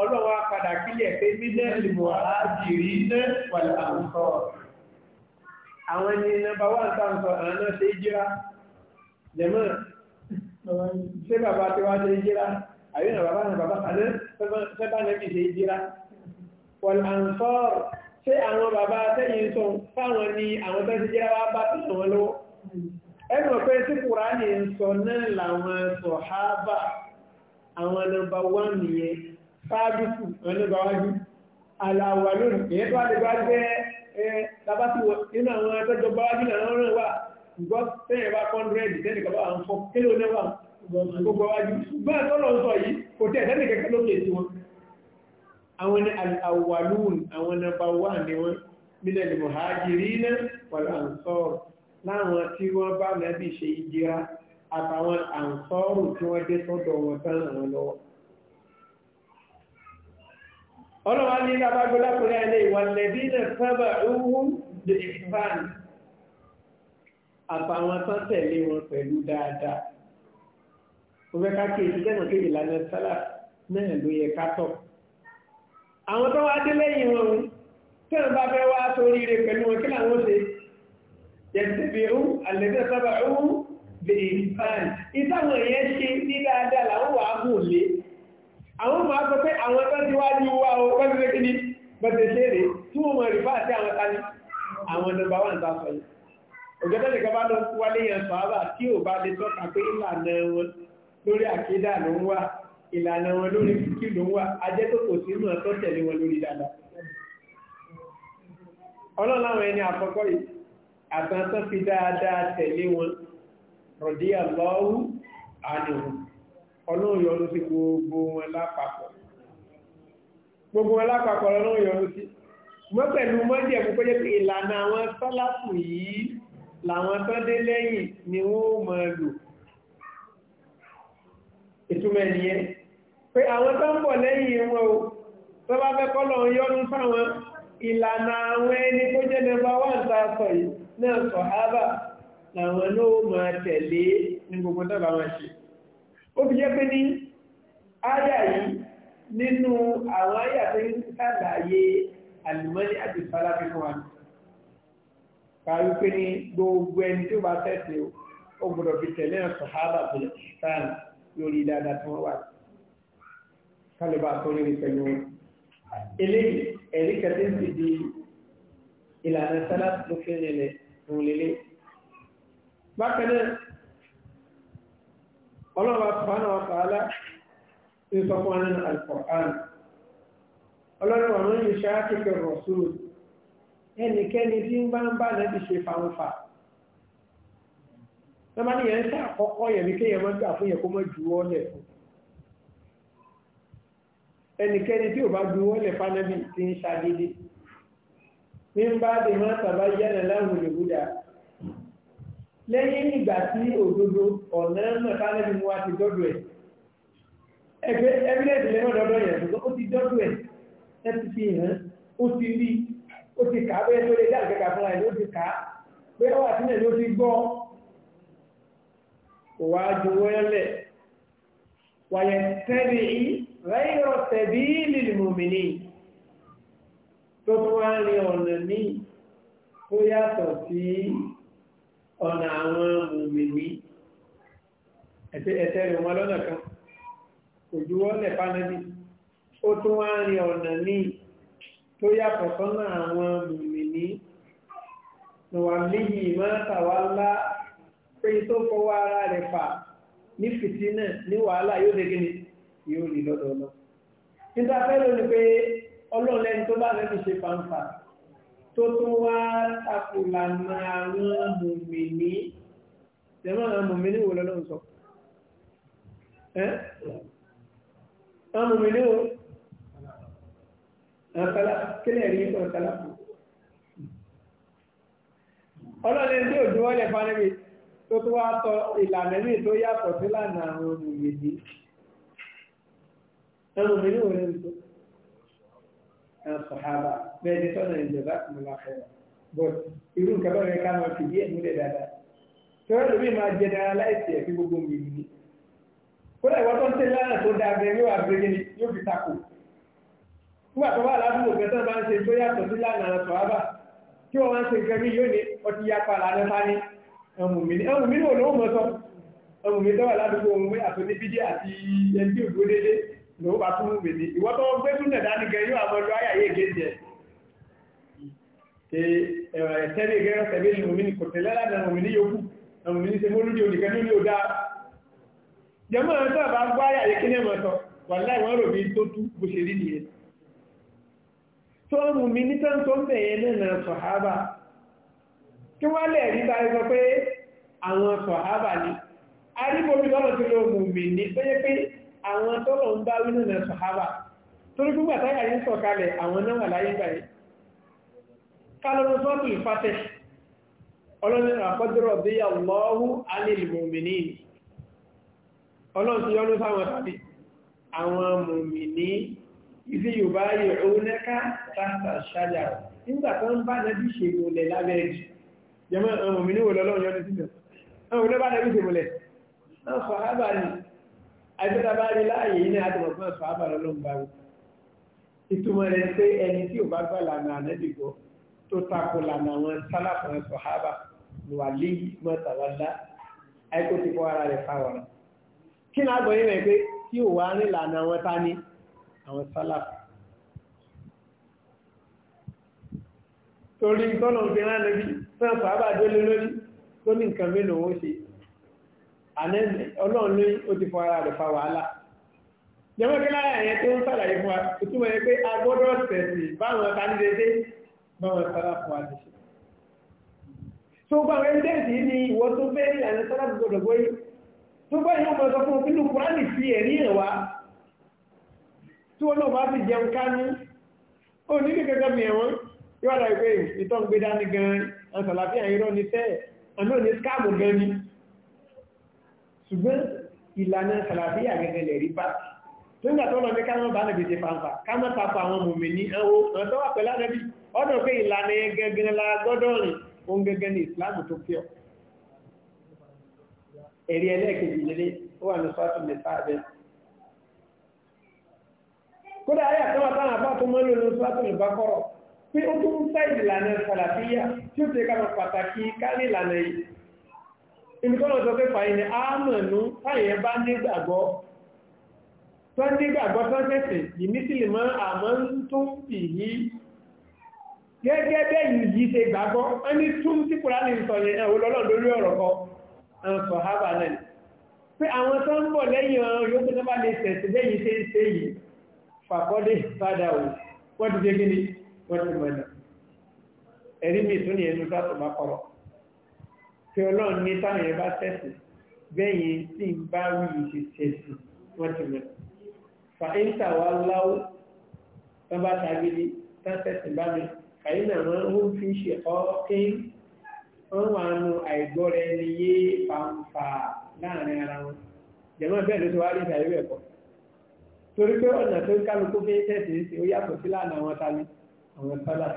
Ọlọ́wọ́ padà kílẹ̀ pé mílẹ̀lì mọ̀hájìrí iná pẹ̀lú àwọn àwọn ni nọmba wà ń sáǹsọ̀ àwọn náà ṣe jíra jẹ́mọ́ ṣé bàbá tí wá ṣe jíra àyí na bàbá na bàbá àná sẹ́bà náà kìí ṣe jíra pẹ̀lú àǹsọ́ ṣé àwọn bàbá tẹ́yìn sọ fáwọn ni àwọn tó ṣe jíra wá bá tẹ̀sán wọn lọ́wọ́ ẹnu ọ̀pẹ́ tí Kùránì ń sọ náà làwọn sọ̀hábà àwọn nọmba wán nìyẹn sáàbùkù àwọn nọmba wájú aláwà lónìí èyí tó wà lè bá jẹ́ ẹ tabati wọ nínú àwọn ẹgbẹ́jọ bá wájú náà rán wà gbọ́ sẹ́yìn bá kọ́ndúrẹ́dì sẹ́yìn kaba àwọn fọ kílò náà gbogbo wájú ṣùgbọ́n àtọ́lọ̀ sọ yìí kò tẹ̀ sẹ́yìn kẹ́kẹ́ lókè sí wọn àwọn ni àwàlúùn àwọn nọmba wán ni wọn nílẹ̀ lè mọ̀ hajjirina wal ansar láwọn tí wọ́n bá nàbì ṣe ìjìra àtàwọn àǹsọ́rù tí wọ́n dé sọ́dọ̀ wọn tán àwọn lọ́wọ́. ọlọ́wà ní abágbólákùnrin ilé ìwàlẹ̀bí náà sábà ohun the expand àtàwọn tán tẹ̀lé wọn pẹ̀lú dáadáa. mo fẹ́ ká kí èsì tẹ́nà kéde lánà sálà náà ló yẹ ká tọ̀. àwọn tó wá dé lẹ́yìn wọn tẹ́nà bá fẹ́ wá sórí rẹ̀ pẹ̀lú wọn kí làwọn ṣe yẹ̀dẹ̀bẹ̀ ohun àlẹ́bẹ̀ sábà ó ìfàn ìtàwọn èèyàn ṣe ní dáadáa làwọn wà á gùn lé àwọn máa sọ pé àwọn tó ti wájú wá o pẹ́lú pé kí ni bẹ̀tẹ̀ ṣe rè tí wọ́n mọ̀ rí bá àti àwọn tani àwọn nọ́mbà wà ń ta sọ yìí òjọ́tẹ́ nìkan bá lọ wálé yẹn sọ àbá tí ò bá lè tọ́ka pé ìlànà wọn lórí àkídà ló ń wà ìlànà wọn lórí kíkí ló ń wà ajẹ́ tó kò sínú ọ̀tọ́ tẹ̀lé wọn lórí dáadáa ọlọ́run láwọn ẹni àkọ́kọ́ yìí àtàntàn fi dáadáa tẹ̀lé wọn rọ̀dí àlọ́wù àdìrù ọlọ́run yọ́nú sí gbogbo wọn lápapọ̀ gbogbo wọn lápapọ̀ ọlọ́run yọ́nú sí mọ́ pẹ̀lú mọ́dí ẹ̀kú pé pé ìlànà àwọn sọ́lápù yìí làwọn tán dé lẹ́yìn ni wọ́n mọ̀ lò ìtumọ̀ nìyẹn pé àwọn tán bọ̀ lẹ́yìn wọn o tó bá fẹ́ kọ́ lọ́run yọ́nú sáwọn ìlànà àwọn ẹni tó jẹ́ nọ́mbà wà ń ta sọ yìí náà sọ̀hábà làwọn náà máa tẹ̀lé ní gbogbo dábàá máa ṣe ó fi jẹ́ pé ní áyà yìí nínú àwọn áyà tó ń sàlàyé àlùmọ́ní àti fàlàfí fún wa kàwé pé ní gbogbo ẹni tó bá tẹ̀sí ó gbọ́dọ̀ fi tẹ̀lé ọ̀sán hábà tó lè ìlànà sálà ló fi rìnlẹ̀ òun lélẹ́yìí bákanáà ọlọ́wà sọ́nà ọ̀tàálá ti sọ fún ọ̀nà alkọ̀án ọlọ́wà mọ́ yìí ṣáàkìkẹ̀ rọ̀sùn ẹnikẹ́ni tí ń bá ń bá nẹ́bí ṣe fanfa lọ́mọdé yẹn ń sá àkọ́kọ́ yẹn ní kéèyàn máa gbà fún yẹn ẹnikẹ́ni tí ò bá ju ọ́lẹ̀ fánẹ́bí ti ń ṣàdédé ní ń bá dè má tàbá yẹ́nà lẹ́yìn ìgbà tí òdodo ọ̀nà náà tálẹ́bí mú wá ti dọ́dọ̀ ẹ̀ ẹgbẹ́ evidence lẹ́nà dọ́dọ̀ yẹn ṣùgbọ́n ó ti dọ́dọ̀ ẹ̀ ẹ ti fi hàn ó ti rí ó ti kà á bẹ́ẹ̀ tó lè dá ìgbẹ́ka fúnra ẹ̀ ló ti kà á pé ó wà sílẹ̀ ló ti gbọ́ kò wá ju wẹ́lẹ̀ wàyẹ̀ tẹ́lẹ̀ yìí rẹ́yọ̀ tẹ̀bí lílì mòmìnì tó tún wá rí ọ̀nà míì ó yàtọ̀ sí ọ̀nà àwọn mùmìnì ẹ̀tẹ́ rẹ̀ wọn lọ́nà kan kò juwọ́ lẹ̀ fánàbí ó tún wá rí ọ̀nà ní tó yàtọ̀ sọ́nà àwọn mùmìnì nùwà méjì mọ́tàwá ńlá pé tó fọwọ́ ara rẹ̀ fà ní fìtínà ní wàhálà yóò dé gíní yóò rí lọ́dọ̀ tó tún wá takùlànà àwọn mùmìnì jẹ́mọ́ àwọn mùmìnì wò lọ́nà sọ ẹ́ àwọn mùmìnì wò kílẹ̀ rí ìtọ̀ sálàpù ọlọ́lẹ́ tí òjú wọ́n lẹ fánibí tó tún wá tọ ìlànà ní tó yàtọ̀ sí lànà àwọn mùmìnì àwọn mùmìnì wò lọ́nà sọ sọ̀hábà bẹ́ẹ̀ ni sọ́nà ìjọba kò mọ̀ láfẹ́ wọn. but irú nǹkan bá rẹ̀ ká máa fi díẹ̀ múlẹ̀ dáadáa. tọ́wọ́ lómi máa generalize ẹ̀ fi gbogbo mi nìyí. kódà ìwọ́n tó ń tẹ̀lé lánà tó dáa bẹ́ẹ̀ yóò àgbẹ̀gẹ́ ni yóò fi takò. nígbà tó bá aládùúgbò kẹsàn-án máa ń ṣe tó yàtọ̀ sí lánà sọ̀hábà tí wọ́n máa ń ṣe nǹkan mí yóò ní ọtí yapa lánà sáré ẹmùmíní ẹmùmíní ò ló bá tún wùwé ní ìwọ́ tó gbé súnlẹ̀ dání gẹ yóò àwọn ọlọ́ ayà yéé géèjì ẹ̀ ẹ̀tẹ́lẹ̀ gẹ́rẹ́ tẹ̀lé ní òmìnir kò tẹ̀lẹ́ láti òmìnir yòókù òmìnir ṣe mólúdì olùkẹ́ tó ní ò dáa jẹ́mọ́ ẹ̀ tó bá gbọ́ ayà yéé kíní ẹ̀mọ̀tọ̀ wà láì wọ́n rò bí tó tú bó lọ́nà tó ló mú mi ní tó yẹ pé àwọn tọ́lọ̀ ń bá wínú na sọ̀hábà torí gbogbo àtàyà yìí sọ̀kalẹ̀ àwọn náà láyé gbàyé kálọ́rọ̀ sọ́tù ìfàtẹ̀ ọlọ́rin àkọ́dọ̀rọ̀ bí i àwọ̀lọ́wú alìlmòmìnì ọlọ́rin ti yọ́nú sáwọn tàbí àwọn àìsíta bá rí láàyè yìí ní àtìmọ̀gbọ́n sọ àbàrọ̀ ló ń bá wù ìtumọ̀ rẹ̀ pé ẹni tí ò bá gbà lànà ànẹ́bìgbọ́ tó takò lànà àwọn sálàfọ̀n sọ àbà lùwà líì mọ́tàlá àìkó ti kọ́ ara rẹ̀ fáwọn kí ní àgbọ̀yé rẹ̀ pé tí ò wá rí lànà àwọn tání àwọn sálàfọ̀ torí tọ́lọ̀ fi rán lórí fẹ́ sọ àbà lórí tó ní nǹkan mélòó ṣe ànẹ́mẹ̀ ọlọ́run ló ó ti fún ara rẹ̀ fa wàhálà jẹ́mọ́kí lára ẹ̀yẹ tó ń sàlàyé fún wa ìtumọ̀ yẹ pé a gbọ́dọ̀ tẹ̀sí báwọn ta ní dédé báwọn sára fún wa lẹ́sẹ̀ tó gba àwọn evidence yìí ni ìwọ tó fẹ́ ní àwọn sára gbọdọ̀ gbọ́ yìí tó bá yìí wọ́n sọ fún un nínú kúránì fi ẹ̀rí ẹ̀ wá tí wọn náà bá ti jẹun kánú ó ní ní kankan mi ẹ̀wọ̀n yóò wá láì ṣùgbọ́n ìlànà sàlàfíà gẹ́gẹ́ lè rí báàkì tó ń gbà tó lọ ní káwọn bá nàbí ti fàǹfà káwọn tapọ̀ àwọn mùmí ní ẹwọ́ ọ̀tọ́ wà pẹ̀lú àdẹ́bí ọdọ̀ pé ìlànà gẹ́gẹ́ la gbọ́dọ̀ rìn ohun gẹ́gẹ́ ní ìsìláàmù tó pẹ́ ẹ̀rí ẹlẹ́ẹ̀kejì lélé ó wà ní sọ́ọ̀tù mẹ́ta abẹ́ kódà ayé àtọ́wà táwọn àbá tó mọ́ lónìí sọ́ọ̀tù mẹ́ta kọ́rọ̀ pé ó tún ń fẹ́ ìlànà sàlàfíà tí ó ti ká ìmìkọ́lọ̀ sọ pé fàyẹ̀ àmọ̀nú fàyẹ̀ bá nígbàgbọ́ tó nígbàgbọ́ tó tẹ̀sẹ̀ ìmísìlìmọ́ àmọ́ tó ń pì yí gẹ́gẹ́ bẹ́ yìí ṣe gbàgbọ́ wọ́n ní tún tí kùrá ní sọ yẹn olọ́lọ́ lórí ọ̀rọ̀ kọ ọ̀sọ̀ hábà náà pé àwọn tó ń bọ̀ lẹ́yìn ọ̀rọ̀ yóò tó bá lè tẹ̀sì lẹ́yìn ṣe ń ṣe yìí fàkọ́dé padà ò wọ́n ti dé gíní wọ́n ti mọ̀nà ẹ̀rí mi tún ní ẹnu tó bá tí ọlọ́run ní táwọn yẹn bá tẹ̀sìn bẹ́yìn tí ń bá wí ìṣe tẹ̀sìn wọ́n ti mọ̀. fàyíntà wa láwó tán bá tagidi tán tẹ̀sìn bá mi fàyíntà wọn ó fi ṣe ọ́ọ́kín wọ́n wà nù àìgbọ́ra ẹni yé fàǹfà láàrin ara wọn. jẹ̀mọ́ bẹ́ẹ̀ ló ti wá rí ìṣàyẹ̀wò ẹ̀kọ́ torí pé ọ̀nà tó kálukú fi ń tẹ̀sìn sí ó yàtọ̀ sí láàrin àwọn tali àwọn sábà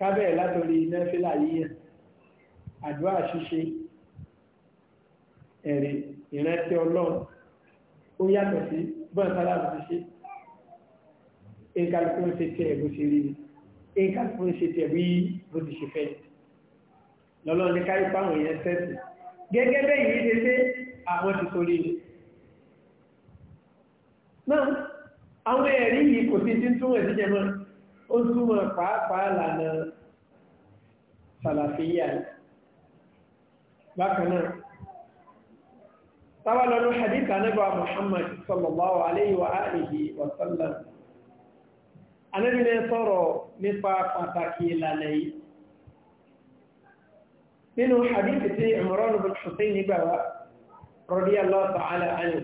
kábẹ́ẹ̀ látọ̀rí náà fi láàyè àdúrà ṣíṣe ẹ̀rí ìrántí ọlọ́run ó yàtọ̀ sí bọ́n sáláàbù ti ṣe ìkàlùkù ń ṣe tiẹ̀ bó ṣe rí ìkàlùkù ń ṣe tiẹ̀ bí bó ti ṣe fẹ́ lọ́lọ́run ní káyọ̀ fáwọn èèyàn sẹ́sì gẹ́gẹ́ bẹ́ẹ̀ yìí ṣe ṣe àwọn ti sórí ni náà àwọn ẹ̀rí yìí kò sí ti ń túmọ̀ sí jẹmọ́ ó túmọ̀ pàápàá lànà sàlàfíyà yìí bákanáà sábàlọ́nù hadith anábà muhammad sallallahu alayhi wa alihi wa sallam anábìnrin sọ̀rọ̀ nípa pàtàkì ìlànà yìí nínú hadith tí imran bin hussein gbà wá radiyallahu ta'ala anhu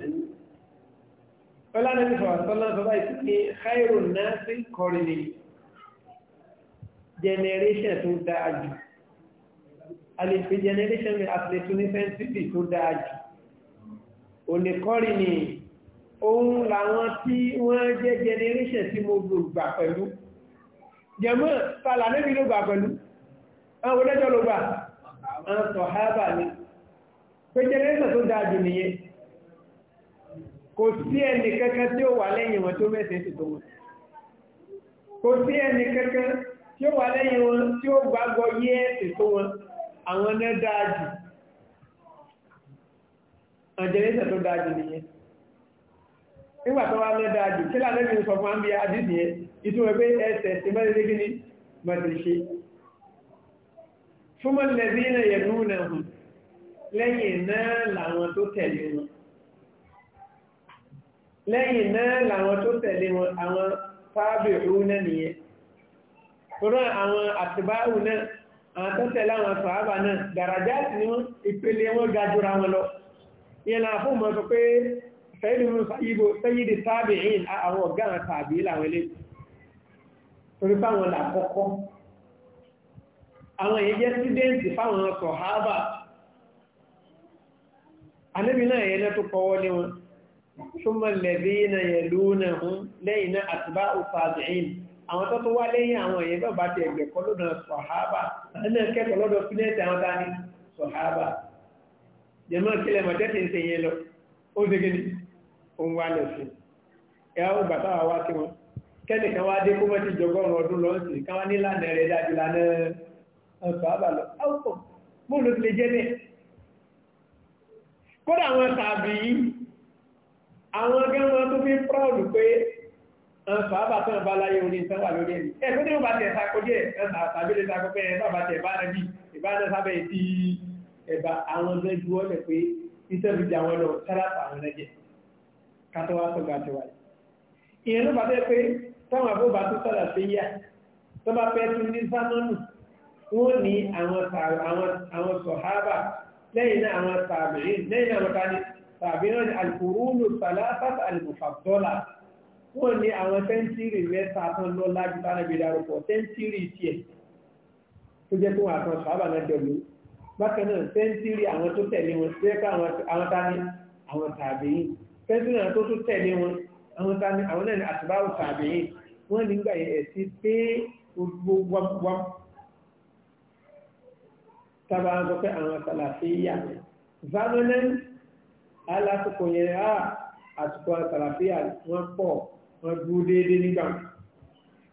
ọlá nàbí sọ̀rọ̀sọ́lá sọ́lá ìsìnkú khairun nasi kọrin generation tó dáa jù àlèfè generation rẹ̀ àtìlẹ́tún ní fẹ́ńsìtì tó dáa jù ni òun làwọn tí wọ́n jẹ́ generation tí mo gbà pẹ̀lú jẹ́mọ́ tààlà níbi ló gbà pẹ̀lú àwọn olẹ́jọ́ ló gbà àwọn sọ̀hábà ni pé generation tó dáa jù nìyẹn kò sí ẹni kankan tí ó wà lẹ́yìn wọn tó mẹ́sẹ̀ ti tó wọn kò sí ẹni kankan tí ó wà lẹ́yìn wọn tí ó gbàgbọ́ yẹ́ ti tó wọn àwọn náà dáadì àjẹ́lẹ́sẹ̀ tó dáadì nìyẹn nígbà tó wá náà dáadì kí láàrín mi sọ fún àmì àdìsì yẹn ìtumọ̀ pé ẹsẹ̀ tí mẹ́rin lé gíní mọ̀tìṣe fúnmọ́ lẹ́bí náà yẹ̀ mú náà hù lẹ́yìn náà làwọn tó tẹ̀lé wọn lẹ́yìn náà làwọn tó tẹ̀lé wọn àwọn fábìrú náà nìyẹn torí àwọn àtibáwù náà àwọn tó tẹ̀lé àwọn sàábà náà dàrájá sí ni wọ́n ìpele wọn ga jùra wọn lọ ìyẹn náà fún mọ́ sọ pé sẹ́yìdì sáàbì ìhìn àwọn ọ̀gá àwọn sàábì láwọn ilé torí fáwọn làkọ́kọ́ àwọn èyí jẹ́ sídẹ́ǹtì fáwọn sọ̀hábà anábì náà yẹn náà tó kọwọ́ ní wọn ṣúnmọ̀ lẹ́bí na àwọn tó tó wá lẹ́yìn àwọn èyí bàbá ti ẹgbẹ̀kọ́ lónà sọ̀hábà ẹnẹ kẹ́kọ̀ọ́ lọ́dọ̀ fúnẹtì àwọn tani sọhábà jẹmọ kílẹ mọ tẹsí ń sèyẹ lọ ó dégé ni òun wà lọ sí ẹ àwọn bàbá wa wá sí wọn kẹ́nìkan wá dé kó mọ́ ti jọgọ́rùn ọdún lọ sí káwọn nílànà rẹ̀ dájú lánà sọhábà lọ áwùpọ̀ bóun ló ti lè jẹ́ bẹ́ẹ̀ kódà àwọn tàbí àwọn gẹ́gẹ́ wọn tó fi pọ́ọ̀lù pé ẹnfàábà tó ń bá láyé orí ìtẹ́wà lórí ẹni ẹgbẹ́ tí ó bá tẹ̀ sákó díẹ̀ ẹ̀nà àtàbílẹ̀ sákó pé ẹ̀bá bá tẹ̀ bá rẹ̀ bí ìbáná sábẹ́ ti ẹ̀bá àwọn ọdún ẹjú ọ́lẹ̀ pé iṣẹ́ fi jà wọn lọ sálàtà àwọn ẹ̀jẹ̀ kátó wá sọ̀gá ti wáyé. ìyẹn ló bá tẹ́ pé táwọn àbúrò tó sọ̀rọ̀ sí yá wọ́n ní àwọn sẹ́ńtírì mẹ́ta tán lọ lájú bá nàbí darúpọ̀ sẹ́ńtírì tiẹ̀ tó jẹ́ tó àtàn sábà náà jọ̀lú bákan náà sẹ́ńtírì àwọn tó tẹ̀lé wọn tó yẹ ká àwọn tani àwọn tàbíyìn sẹ́ńtírì àwọn tó tó tẹ̀lé wọn àwọn tani àwọn náà ní àtúbáwò tàbíyìn wọ́n nígbà yẹn ẹ̀sìn pé gbogbo wàmùwàmù tàbá ń sọ pé àwọn sàlàfíyà zamanan alásìkò yẹn á àtúkọ̀ sàlàfíyà wọ́n pọ̀ wọ́n dúró déédé nígbà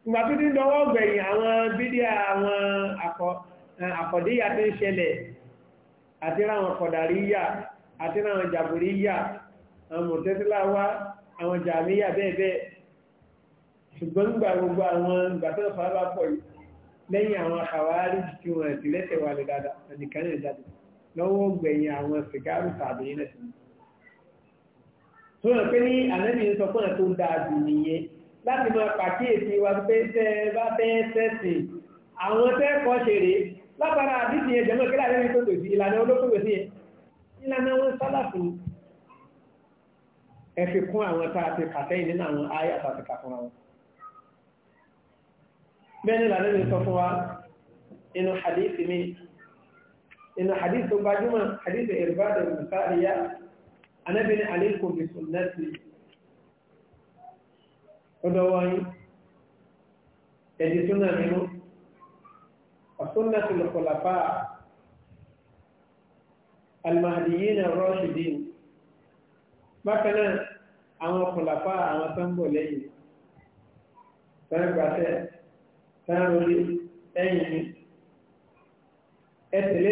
ìgbà tó ti ń dọwọ́ gbẹ̀yìn àwọn bídíà àwọn àkọ̀déyà tó ń ṣẹlẹ̀ àti ráwọn kọ̀dàríyà àti ráwọn jàbùríyà àwọn mọ̀tẹ́síláwá àwọn jàmíyà bẹ́ẹ̀bẹ́ẹ̀ ṣùgbọ́n gbà gbogbo àwọn ìgbà tó fà bá pọ̀ yìí lẹ́yìn àwọn àwárí tí wọ́n ti lẹ́sẹ̀ wà lè dáadáa nìkan náà jáde lọ́wọ́ gbẹ̀yìn àwọn sìgáàrù tàbí ilẹ̀ sí tó yàn pé ní ànábì ń sọ fún ẹ̀ tó dáa jù nìyẹn láti máa pàkíyèsí wa pé tẹ́ ẹ bá fẹ́ sẹ́sìn àwọn tẹ́ẹ̀kọ́ ṣeré látara àdíjì yẹn jẹ́mọ̀ kí láàrin tó pèsè ìlànà olókòwò sí ẹ̀ ìlànà wọn sálàfù ẹ fi kún àwọn tá a ti kàtẹ́yìn nínú àwọn ayé àtàtì kàfúnra wọn bẹ́ẹ̀ni lànà mi sọ fún wa inú hadith mi inú hadith tó gbajúmọ̀ hadith ìrìbádẹ̀ mùsáàríyá anábìíní aleikum bi sunnati ọdọ wáyé ẹ̀dì súnà nínú ọ̀súnnàtì lọ́kọ̀lápá almahdiyin ar-rashidin bákan náà àwọn ọkọ̀lápá àwọn tó ń bọ̀ lẹ́yìn tẹ́rẹ gbàtẹ́ tẹ́rẹ orí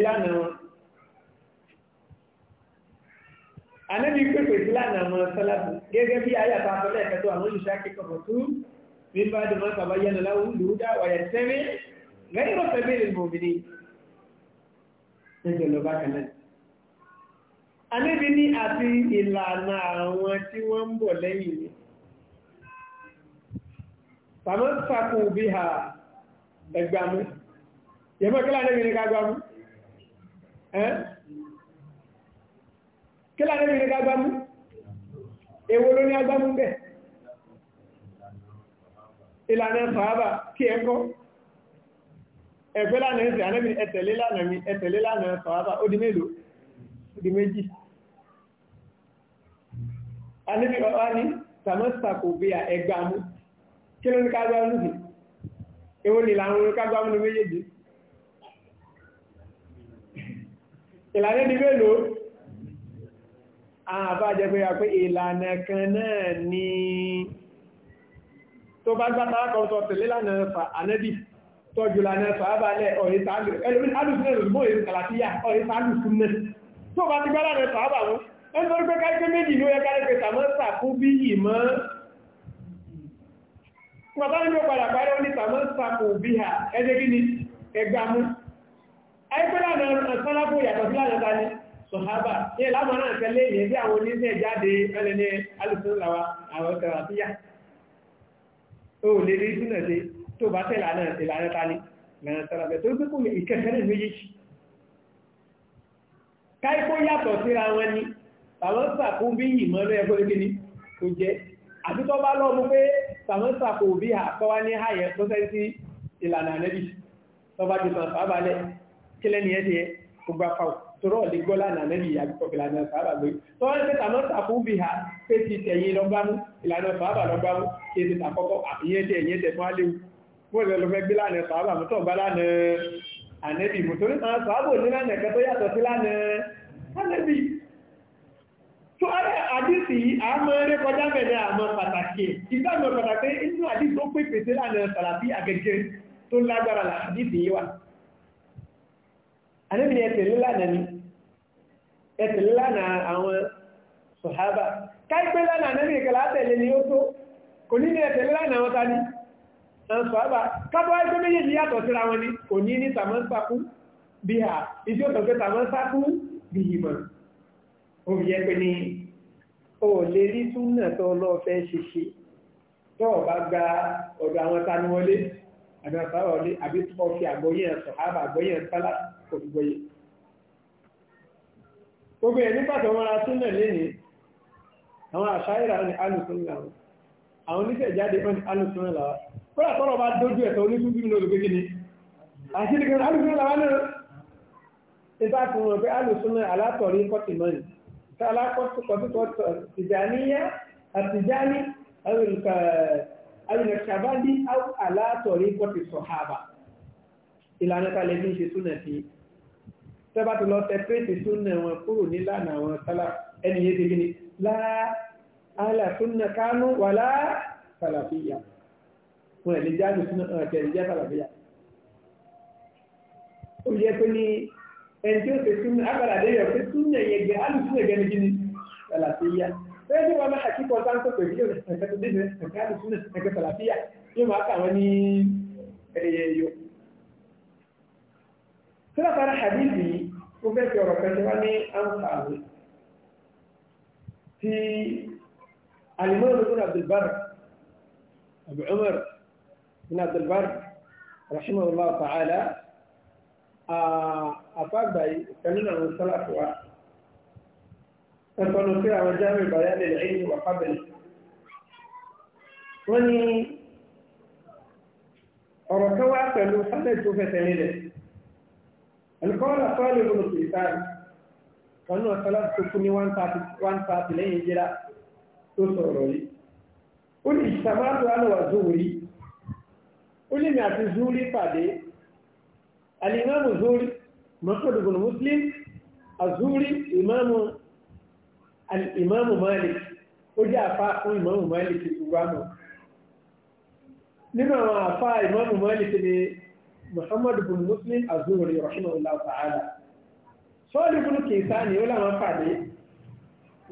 wọn Ànábì pèpè sí lánàá àwọn sálàbù gẹ́gẹ́ bí ayé àtàkọ́ lẹ́ẹ̀kẹ́tọ́ àwọn olùṣàkí kọ̀kọ̀ tú nígbà dùnmọ́ bàbá yẹn lọ́wọ́ lòúdà wàyà sẹ́mi lẹ́yìn rọ̀ sẹ́mi lè mọ̀ mìíní. Ẹjọ́ lọ bá kan náà. Ànábì ní àti ìlànà àwọn tí wọ́n ń bọ̀ kí lára mi rẹ̀ agbámú èwo ló ní agbámú bẹ̀ ìlànà sàábà kí ẹ kọ́ ẹ̀fẹ́ lánà ẹ̀sẹ̀ anẹ́bì ẹ̀tẹ̀lé lánà mi ẹ̀tẹ̀lé lánà sàábà ó di mélòó ó di méjì anẹ́bì ọ̀wá ní sàmọ́sàkò bí i ẹgbàmú kí ló ní ká agbámú sí èwo ni ìlànà ní ká agbámú ní méjèèjì ìlànà di mélòó àbájẹ́ ah, pé àpé ìlànà kan náà ni tó bá gbátà kọ́ntọ̀ tẹ̀lé lánà fà ànẹ́bì tọ́jú lánà fà ábálẹ̀ ọ̀rẹ́ Bàbá ní ó padà parí ó ní tàmọ́ sàpò bí ha ẹjẹ́ gíní ẹgbàmú. Àìpẹ́lá náà sọ́lápò yàtọ̀ sí láàrín ta ní sọ̀hábà ní ìlànà náà tẹ́lẹ̀ yẹn bí àwọn oníṣẹ́ jáde ẹlẹ́ ní alùsùn làwà àwọn tẹ̀wà síyà ó lè rí sínú ẹ̀sẹ̀ tó bá tẹ̀lá náà ìlànà ta ni lẹ́nà tẹ́lá ni àwọn sàkó bí ìmọ̀ ló ẹgbẹ́ lókè ni kò jẹ́ àti tó bá lọ mú pé àwọn sàkó bí àkọwá ní àyẹ̀ tó sẹ́ sí ìlànà ànẹ́bì tó bá ti sàn kílẹ̀ ni ẹ̀ ti ẹ̀ gbogbo afáwọ̀ tọrọ lè gbọ́ lánàá lẹ́yìn ìyàgbọ́ ìlànà sàábà lórí tó wọ́n tẹ́ta náà tàkún bí ha pé ti tẹ̀yìn lọ́gbámú ìlànà sàábà lọ́gbámú kí ti tàkọ́kọ́ àyẹ́tẹ̀ ẹ̀yẹ́tẹ̀ fún aléwu wọ́n lọ fẹ́ gbé lánàá sàábà mú tọ́ bá lánàá ànẹ́bì mú torí àwọn sàábà ní lánàá kẹ́ tó yàtọ̀ sí lánàá ànẹ́bì tó ara àdìsí àmọ́ eré kọjá mẹ́rin àmọ́ pàtàkì ìgbàgbọ́ pàtàkì inú àdìsí ó pèpè sí lánàá àgẹ́gẹ́ tó lágbára làdìsí yìí anábì ni ẹ̀tẹ̀lẹ́ lánàá ni ẹ̀tẹ̀lẹ́ lánàá àwọn sọ̀hábà káìpẹ́ lánàá anábì ìkẹlẹ̀ àtẹ̀lẹ́ ni ó tó kò ní ní ẹ̀tẹ̀lẹ́ lánàá wọn tani àwọn sọ̀hábà kápọ̀ ẹgbẹ́ méjèèjì yàtọ̀ síra wọn ni kò ní ní tàmọ́sákú bí i ìdí òtọ̀ pé tàmọ́sákú bí i mọ̀ ó yẹ pé ní ó lè rí túnà tó lọ́ọ́ fẹ́ ṣe ṣe tó ọ̀bá gba ọ̀dọ̀ àwọn tani wọlé àbí wọn sábà wọlé àbí túbọ̀ fi àgbọ̀yé ẹ̀ sọ̀hábà àgbọ̀yé ẹ̀ sálá kò fi gbọ́yé. gbogbo ẹ̀ nígbà tó wọn ra súnà lénìí àwọn àṣàyíra ni alùsùn làwọn àwọn oníṣẹ̀jáde wọn ni alùsùn làwọn kódà tọrọ bá dójú ẹ̀ tó oníṣùn bíbí lórí gbégi ni àti nìkan alùsùn làwọn náà nígbà tó wọn pé alùsùn alátọ̀rí kọ́tìmọ́nì tá alákọ̀tìkọ̀tìkọ̀ tìjàníyà àtìjání alùnàṣàbádí alátọ̀rí pọ̀tì sọ̀hábà ìlànà tàlẹ̀ ní ṣe súnà sí tẹ́bà tó lọ tẹ́pẹ́tì súnà wọn kúrò nílànà àwọn sálà ẹni yé ti gini láàlà súnà kánú wà láà sàlàfíyà wọn lè jáde súnà ọ̀tẹ̀lẹ̀ jẹ́ sàlàfíyà ó yẹ pé ní ẹni tí ó ṣe súnà bẹ́ẹ̀ ni wọ́n máa kíkọ́ sáńtò pé yóò ẹ̀kẹ́ tó dídì ẹ̀kẹ́ àdùsúnà ẹ̀kẹ́ sàlàfíà yóò máa kà wọ́n ní ẹ̀yẹ yó. tí wọ́n fara hadithi ó fẹ́ fi ọ̀rọ̀ kan wá ní àǹfààní tí alimọ́n ibn abdulbar abu umar ibn abdulbar rahimahullah ta'ala àfàgbà yìí kanú àwọn sálàfíà ẹ̀kọ́nù sí àwọn jáwé ìbáyálẹ̀ lẹ́yìn wà fábẹ̀lẹ̀. wọ́n ní ọ̀rọ̀ kan wá pẹ̀lú sálẹ̀ tó fẹsẹ̀ nílẹ̀ ẹ̀lùkọ́ọ̀lá sọ́ọ̀lù ìbùnú sí ìsáàrì kan náà sọ́lá tó kú ní one thirty lẹ́yìn ìjìlá tó sọ̀rọ̀ yìí ó ní ìṣàmátò alọ́wà zúwìrí ó ní mi àti zúwìrí pàdé alìmọ́mù zúwìrí mọ́tò dùgbùn muslim azúwìrí ìmọ́mù alìmọ́mù Malik ó jẹ́ àfá fún ìmọ́mù Malik gbogbo àmọ́ nínú àwọn àfá ìmọ́mù Malik ni Muhammad bin Muslim az-Zuhri rahimahullah ta'ala sọ́ọ̀lì bin kìsá ni ó láwọn pàdé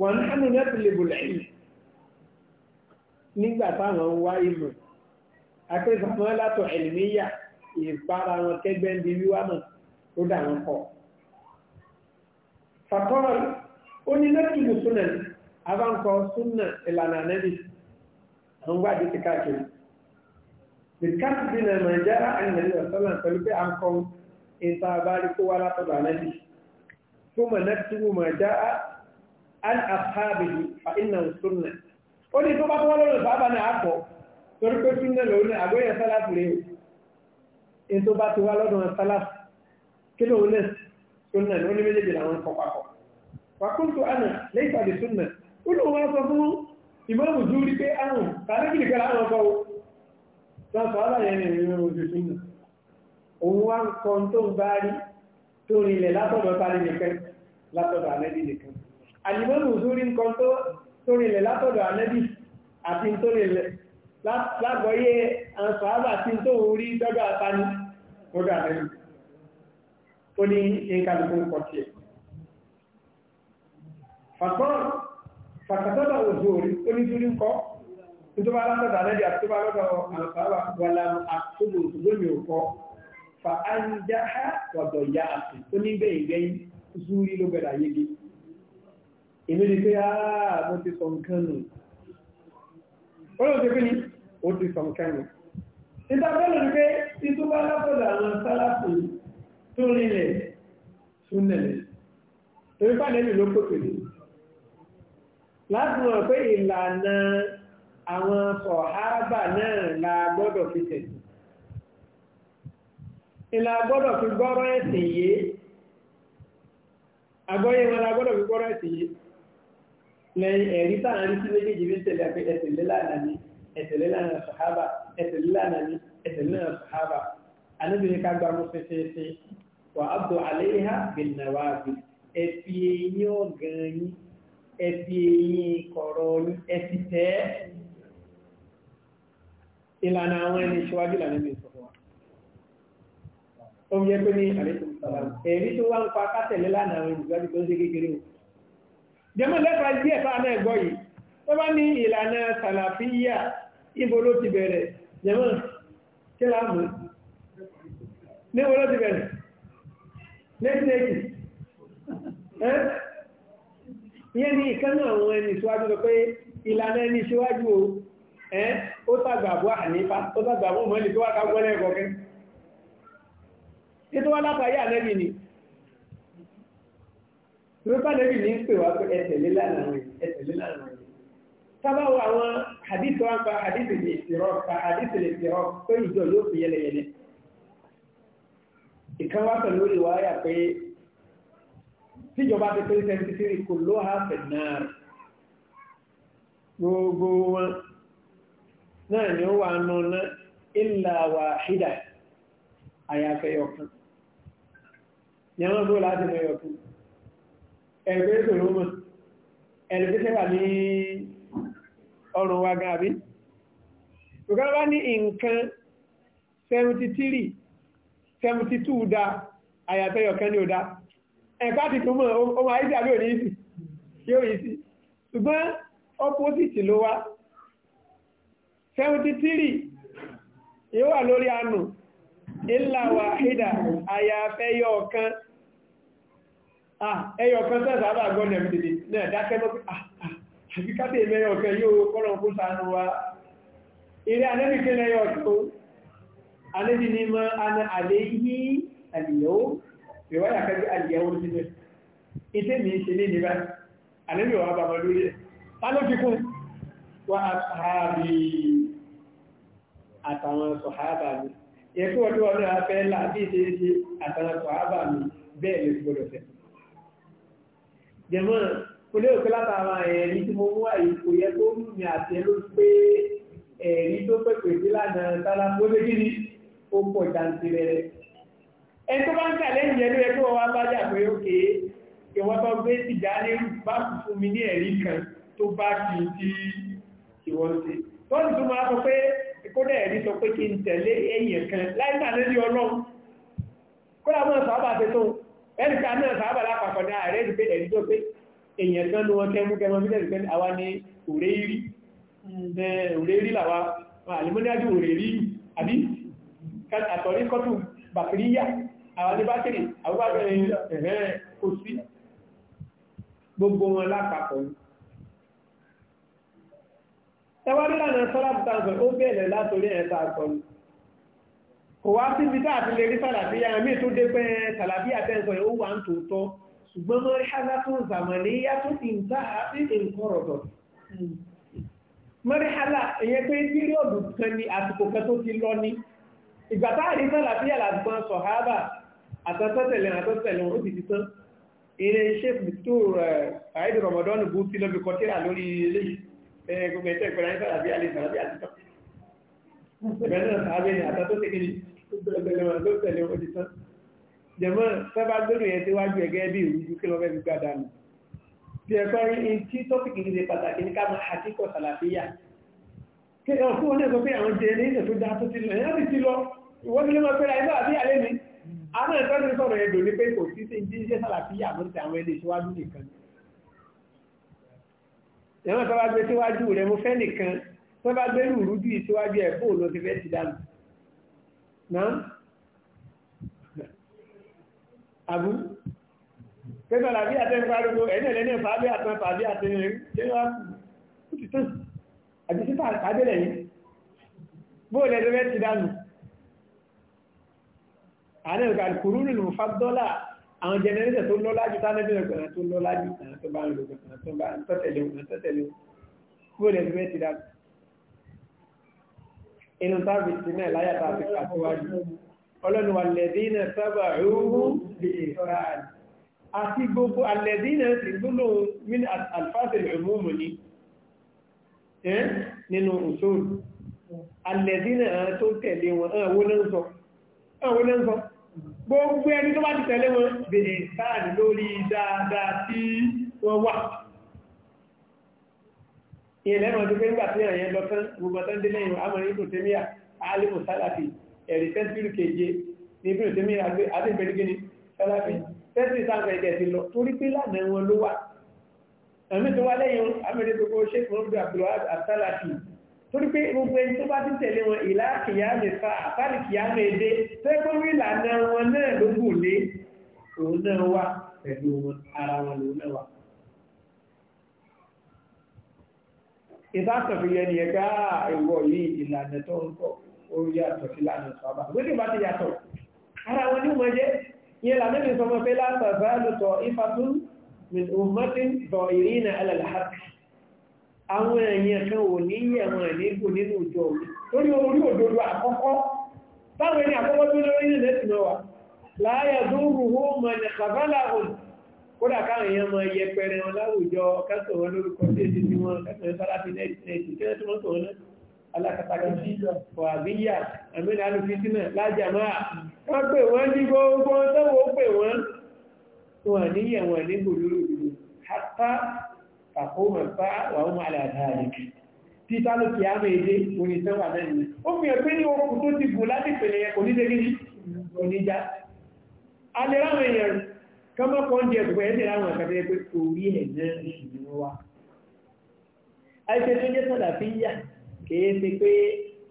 wọn hànú yatlubu al-ilm nígbà táwọn ń wá ìmọ̀ akẹ́sàmọ́ látọ̀ ẹ̀lìmíyà ìbára wọn kẹgbẹ́ ń di wíwá náà ó dà wọn pọ̀ fàtọ́rọ̀ ó ní nẹ́tìlù súnà abáǹkọ súnà ìlànà ànẹ́bì àwọn gbáàdì ti káàkiri bìkátì bí nà nàìjíríà àìnàlẹ́ ọ̀sọ́là pẹ̀lú pé à ń kọ́ ìta àbárí kó wá látọ̀dọ̀ ànẹ́bì tó mọ̀ nẹ́tìlù mà já al-afábìlì fa iná súnà ó ní tó bá tó wọ́n lọ́rọ̀ bàbá náà àpọ̀ torí pé súnà lòun ní àgbẹ̀yẹ sálàfù rèé ètò bá do wá lọ́dọ̀ lo kí lóun náà súnà ní ó ní méjèèjì làwọn kọ papọ̀ fàkúntù àná lẹ́yìn tàbí súnmọ̀ ó lóun wá sọ fún ìmọ̀ràn ojú rí pé àrùn tàbí kẹrẹ àrùn ọkọ̀ láti aláyẹ̀ ní ìrìnrìn ojú súnmọ̀ òun wá ń kọ tó ń bá rí tó rinlẹ̀ látọ̀dọ̀ tàbí nìkan látọ̀dọ̀ ànẹ́bí nìkan ànímọ̀ràn ojú rí ń kọ tó rinlẹ̀ látọ̀dọ̀ ànẹ́bí àti tó rinlẹ̀ lágbọ́yé àǹfààbà àti tó ń rí dọ́gba àtàní ó dà lẹ́yìn fàtọ́n fàkàtọ́dọ̀ òjòrí oníjúrí ń kọ́ tó bá látọ̀dọ̀ alẹ́dẹ̀ àti tó bá lọ́dọ̀ àlùfáà wà láàmú àtúgbò òṣùgbòmí òkọ́ fa ánjáhá wàdọ̀ ya àti oníbẹ̀ẹ̀gbẹ̀yìn zúrí ló gbẹ̀dà yégi inú ni pé àà mo ti sọ nǹkan nù olóòtú pé ní ó ti sọ nǹkan nù ìtàbẹ́lù ni pé títú bá látọ̀dọ̀ àwọn sálàfù tó rinlẹ̀ súnẹ̀lẹ̀ torí pàdé mi ló kó pèlú láti mọ̀ pé ìlànà àwọn sọ̀háábà náà la gbọ́dọ̀ fi tẹ̀sí ìlà gbọ́dọ̀ fi gbọ́rọ̀ ẹ̀sìn yìí agbọ́yé wọn la gbọ́dọ̀ fi gbọ́rọ̀ ẹ̀sìn yìí lẹ́yìn ẹ̀rí táwọn rí sí méjèèjì fi ń tẹ̀lé pé ẹ̀sìn lélànà ni ẹ̀sìn lélànà sọ̀háábà ẹ̀sìn lélànà ni ẹ̀sìn lélànà sọ̀háábà ẹ̀fì èyí kọ̀rọ̀ orí ẹ̀fì tẹ́ ìlànà àwọn ẹni ṣíwájú ìlànà ìlú ìsọ̀fọ́ ó yẹ pé ní àlékún sàlám èrí tó wá ń pa kátẹ̀lé lánàá àwọn ìgbàjú tó ń ṣe kékeré o jẹmọ́ lẹ́fà díẹ̀ fáà náà ìyẹn ní ìkan náà àwọn ẹni ìṣíwájú sọ pé ìlànà ẹni ìṣíwájú o ẹ́ ó tàgbàbọ́ ànífà ó tàgbàbọ́ mọ́lì tó wà kágbọ́lẹ̀ ẹ̀kọ́kẹ́ títí wọ́n látàrí ànẹ́bì ni rúkà nẹ́bì ní pè wá pé ẹ̀tẹ̀lé lánàá rẹ̀ ẹ̀tẹ̀lé lánàá rẹ̀ sábàwọ̀ àwọn hadith wọn pa hadith lè fi rọ pa hadith lè fi rọ pé ìjọ tíjọba ti pé seventy three kò ló ha fẹ̀nàrì gbogbo wọn náà ni ó wà nù náà ìlà wàhídà àyàfẹ́ ọ̀kan yàmọ́ bó láti mọ̀ ọ̀kan ẹ̀rẹ́gbẹ́ ìṣòro mọ̀ ẹ̀rẹ́gbẹ́ sẹ́wà ní ọrùn wa gan àbí ṣùgbọ́n ní nǹkan 73 72 dá àyàfẹ́ ọ̀kan ní ó dá ẹ̀ká ti túnmọ̀ ọmọ àìsí àbí òní ìsì yóò ìsì ṣùgbọ́n opposite ló wá 73 yóò wà lórí anù ìlàwà ìdà àyàfẹ́ yọ ọ̀kan ẹyọ kan sẹ́sà àbà gọ́nà ìdìdì náà dákẹ́ mọ́ àti káàkiri mẹ́yọ ọ̀kan yóò kọ́nà kó sànú wa ilé anẹ́bìkẹ́ lẹ́yọ ọ̀kan anẹ́bì ní mọ́ àlẹ́ yìí àlẹ́yọ́ riwaya ka ji aliyawar jini ita ne shi ne ba anabiwa ba ma dole talofi kun wa ashabi àtàwọn sọ̀hábà mi ẹkú ọdún ọdún afẹ́ ńlá bí ṣe ṣe àtàwọn sọ̀hábà mi bẹ́ẹ̀ lè gbọdọ̀ tẹ̀. jẹ̀mọ́ kò lè òkè látara ẹ̀rí tí mo mú àyè kò yẹ kó ẹni tó bá ń kàlẹ́ ìyẹn ló yẹ kó wá bá jà pé ókè ìwọ́n tó gbé tìjà ní bá fún mi ní ẹ̀rí kan tó bá kì í tí ìwọ́n ṣe wọ́n tún máa sọ pé kódà ẹ̀rí sọ pé kí n tẹ̀lé ẹ̀yìn kan láìsà lórí ọlọ́run kódà mọ́ sábà tẹ́ tó ẹ̀rí ká náà sábà lápapọ̀ náà rẹ̀ ti pé ẹ̀rí tó pé èèyàn kan ló àtọ̀rí kọ́tù bàkìríyà àwọn ní bátìrì àwọn bátìrì ẹ̀rẹ́ kò sí gbogbo wọn lápapọ̀ ẹwà nílànà sọ́lápù tàǹsọ̀ ó bẹ̀rẹ̀ látorí ẹ̀ta àkọlù kò wá sí bídá àti lè rí sàlàfíà mí tó dé pé sàlàfíà tẹ́ǹsọ̀ ó wà ń tòótọ́ ṣùgbọ́n mọ́ ṣáza tó zàmàlé yàtọ̀ ìǹtà àti ìǹkọ̀rọ̀dọ̀ mọ́ríhálà ìyẹn pé píríọ̀dù kan ni àsìkò kan tó ti lọ ní ìgbà táàrí sàlàfíà làgbọ́n sọ̀hábà àtàtàtẹ̀lẹ̀ àtàtẹ̀lẹ̀ ó ti ti tán ilé iṣẹ́ tó àìdì Ramadan bú tí lọ́bí kọtíra lórí ilé gbogbo ẹ̀tẹ́ ìpẹ̀lẹ̀ àìsàràbí àlèsàràbí àtìtàn ìbẹ̀rẹ̀ náà sàábẹ̀ ni àtàtàtẹ̀lẹ̀ ó ti tán jẹmọ́ sábà gbèrò yẹn tí wájú ẹgẹ́ bí ìrújú kí lọ fẹ́ gbígbà dànù bí ẹ̀kọ́ rí tí tọ́pìkì ní pàtàkì ní káàmù àkíkọ̀ sàlàfíà kí ọ̀fún wọn náà sọ pé àwọn jẹ ní ìṣẹ̀ tó dá tó ti lọ ẹ̀yà ti ti lọ ìwọ́n ti lé máa pẹ́ra ẹgbẹ́ àbí àlẹ́ àwọn ìtọ́jú sọ̀rọ̀ ẹ̀dò ní pé kò sí sí jíṣẹ́ sàlàfíà lórí àwọn ẹni ìṣíwájú nìkan ẹ̀wọ̀n tó bá gbé síwájú rẹ̀ mo fẹ́ nìkan tó bá gbé lùrú jù síwájú ẹ̀ fóò lọ sí fẹ́ ti dànù náà àbú pé sàlàfíà tẹ́ ń pariwo ẹ̀ní ẹ̀lẹ́ni fàábí àtàn fàábí àtàn ẹ̀rí ṣé wá kú ti tán àbí sí fàábí lẹ́yìn bóò lẹ́ ààrẹ ìgbà kùrúnù ló fà dọ́là àwọn jẹnẹrétẹ̀ tó lọ́lájú tánẹ́bí ọ̀gbọ̀n tó lọ́lájú tó bá ń lògbọ̀n tó bá ń tọ́tẹ̀lé òun tọ́tẹ̀lé òun bóòlù ẹ̀dùn mẹ́tì dá inú tábì sí náà láyà tábì kàtíwájú ọlọ́nu alẹ́dínà sábà rúrú bí ìfààní àti gbogbo alẹ́dínà sí gbóòlù min alfáàsìlì ìmúmù nínú òṣòrò alẹ́dínà tó tẹ̀lé wọn àwọn náà gbogbo ẹni tó bá ti tẹ̀lé wọn bèèrè sáàdì lórí dáadáa tí wọ́n wà ìyẹ̀lẹ́ wọn tó fẹ́ nígbà tí ẹ̀yẹn lọ tán gbogbo tán dé lẹ́yìn amọ̀rin ibùn tẹ́míà alimu sálàfì ẹ̀rí tẹ́sìlù keje ní ibùn tẹ́míà adébẹ̀lẹ́gẹ́ni sálàfì tẹ́sìlù sáàfẹ́ ẹ̀jẹ̀ ti lọ torí pé lánàá wọn ló wà ẹ̀mí tó wá lẹ́yìn amẹ́rẹ́ gbogbo ṣe torí pé gbogbo ẹni tó bá ti tẹ̀lé wọn ìlà kìyàmì fa àbárí kìyàmì èdè tẹ́kọ̀ọ́ ìlànà wọn náà ló gùn lé òun náà wà pẹ̀lú ara wọn lòun náà wà. ìbátan fi yẹ ni ẹgbẹ́ ìwọ̀ yìí ìlànà tó ń kọ́ orí yàtọ̀ sí lánà sọ́bà gbẹ́gbẹ́ bá ti yàtọ̀ ara wọn ní mọ̀ jẹ́ yẹ lànà ìsọmọ pé látàbà lùtọ̀ ìfàtún min ummatin dọ̀ ìrìnà alàlàhàkì àwọn èèyàn kan ò ní yẹ̀wọ̀n ẹ̀lẹ́gùn nínú ìjọ lórí orí òdòdó àkọ́kọ́ táwọn ẹni àkọ́kọ́ tó lórí ilẹ̀ ti lọ́wà láyé dúrù ó mọ̀ ní kàbálà òun kódà káwọn èèyàn mọ̀ yẹ pẹ̀rẹ̀ wọn láwùjọ kásọ̀ wọn lórúkọ sí èdè tí wọ́n kásọ̀ sára fi nẹ́ẹ̀tì tí wọ́n tó mọ́tò wọn alákatakí ọ̀ àbíyà àmìnà alùfisínà lájàmáà àkóhùn ẹ̀fà wàhùn àlàáhàlìkì tí tálò kí á mẹ́ èdè onítẹ́wà mẹ́rin ó fi ẹ̀pẹ́ ní okùn tó ti bù láti pẹ̀lẹ̀ onídẹ́gẹ́dì oníjá alẹ́ráwọ̀ èèyàn kọ́mọ́ pọ́ndì ẹ̀kùnkùn ẹ̀ẹ́dẹ̀ láwọn àkàtẹ́ pé orí ẹ̀ náà ìṣìnà wa àìṣẹ́ tó jẹ́ sàlàfíyà kìí ṣe pé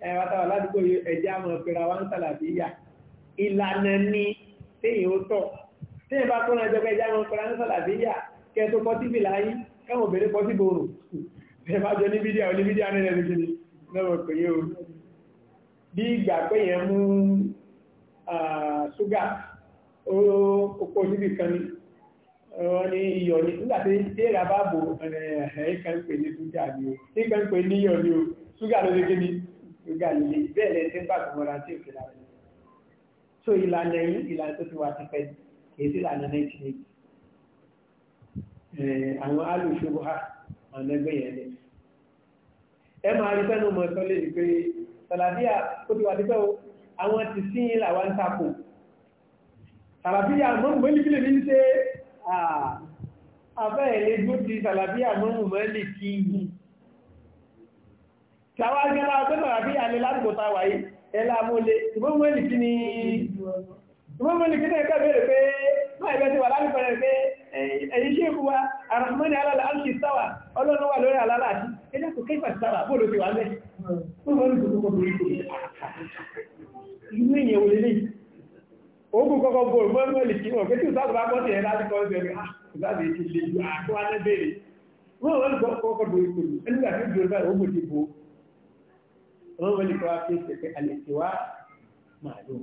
ẹwà táwà ládùúgbò ẹ̀jẹ̀ àmọ̀ ìpẹ̀rẹ̀ wa ẹwọ̀n obìnrin pọ̀ sí gbòòrò ẹ̀fàjọ ní bídíà ní bídíà ní ẹ̀rẹ́ gidi lọ́wọ́ pé yóò bí ìgbà pé yẹn mú ṣúgà òpó níbi kan ní wọ́n ní iyọ̀ ní nígbàtí tẹ́ẹ̀rà bá bò ẹ̀ẹ́kànpẹ̀ ní ṣúgà ní o ẹ̀ẹ́kànpẹ̀ ní iyọ̀ ní o ṣúgà ló lé gidi ṣúgà ló lé bẹ́ẹ̀ lẹ́ tí so ìlànà yìí ìlànà tó ti wà ti pẹ́ kì í Eh, àwọn alùsùbùhà àwọn ẹgbẹ́ yẹn lẹ. ẹ máa rí sẹ́nu mọ̀ sọ́lé yìí pé sàlàbíà ó ti wà nípẹ́ o àwọn ti sí yín làwọn ń takò sàlàbíà mọ́mù mọ́lìkì lè ní ṣe afẹ́ ẹ̀lẹ́ gbóti sàlàbíà mọ́mù mọ́lìkì yìí. tàwa gẹ́gẹ́ bá sàlàbíà lè lásìkò tá a wáyé ẹ lámúlé ìmọ̀ mọ́lìkì ni ìmọ̀ mọ́lìkì náà kẹ́ ẹ̀yìn ṣe fún wa arahmani alala alki sáwà ọlọ́run wà lórí alala àti ẹjẹ́ kò kẹfà sáwà bóòlù ti wà ń bẹ́ inú èyàn wòlé ní ogun kọ́kọ́ bóòlù mọ́mọ́lì kí wọ́n pé tí ìsáàbù bá pọ́sì ẹ̀rá ti kọ́ ẹ̀rẹ́ ìsáàbù ah, ti lè ju àkọ́wà náà béèrè wọ́n wọ́n kọ́ kọ́kọ́ bóòlù kòlù ẹni àti ìjọ bá ogun ti bo wọ́n wọ́n lè kọ́ wáá fèsì pé alẹ́ ti wá màlúù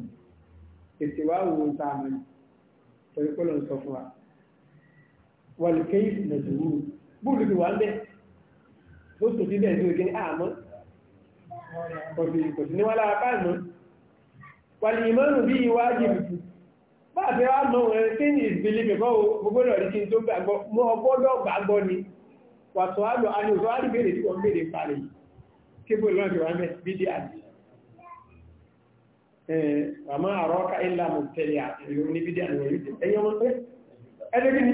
èsì wá wo ta mọ́ torí kọ́lọ̀ ń wàlùkẹ́yì nàìjíríà bóòlù ti wà ń bẹ̀ ló sì ti bẹ̀ ní òkè àmọ́ kòsì kòsì ní wọ́n lára káàmọ́ wàlù ìmọ̀rùn bí iwájú ìbùkù bá a fẹ́ wá mọ̀ wọn kí ni ìbílí mẹ́kọ́ gbogbo rẹ̀ kí n tó gbàgbọ́ mọ́ ọgbọ́dọ̀ gbàgbọ́ ni wàtò àlọ́ àni òṣò àti béèrè tí wọ́n béèrè parí kébò lọ́nà ti wà ń bẹ̀ bí di àdì àmọ́ àrọ́ka ìlà mọ̀ tẹ̀lé àti ìròyìn bí di àdì ẹ̀yọ́ mọ́ pé ẹ̀dẹ́gbẹ̀ni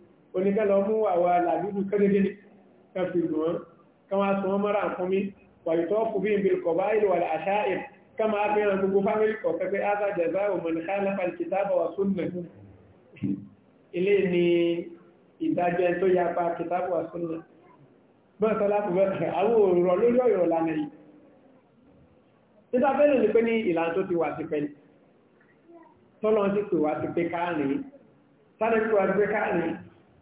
oníkẹ́lọ mú àwà làbíbù kẹ́gẹ́gẹ́ kẹfì lùwọ́n kama sọ mara fúnmi wàyítọ́ fúbí ìbìrì kọba ìlúwà àṣáì kama fẹ́ràn gbogbo fámílì kọ̀kẹ́kẹ́ áza jẹza òmìnira lápá kìtàbà wà súnnà ilé ni ìdájọ́ tó yapa kìtàbà wà súnnà bọ́n sọ láti bẹ́ẹ̀ àwọn òrùrọ̀ lórí títà fẹ́lẹ̀ ní pé ní ìlànà tó ti wà ti pẹ́lẹ̀ tọ́lọ́ ti pè wá ti pé káàrin sáré pé wá ti pé káàrin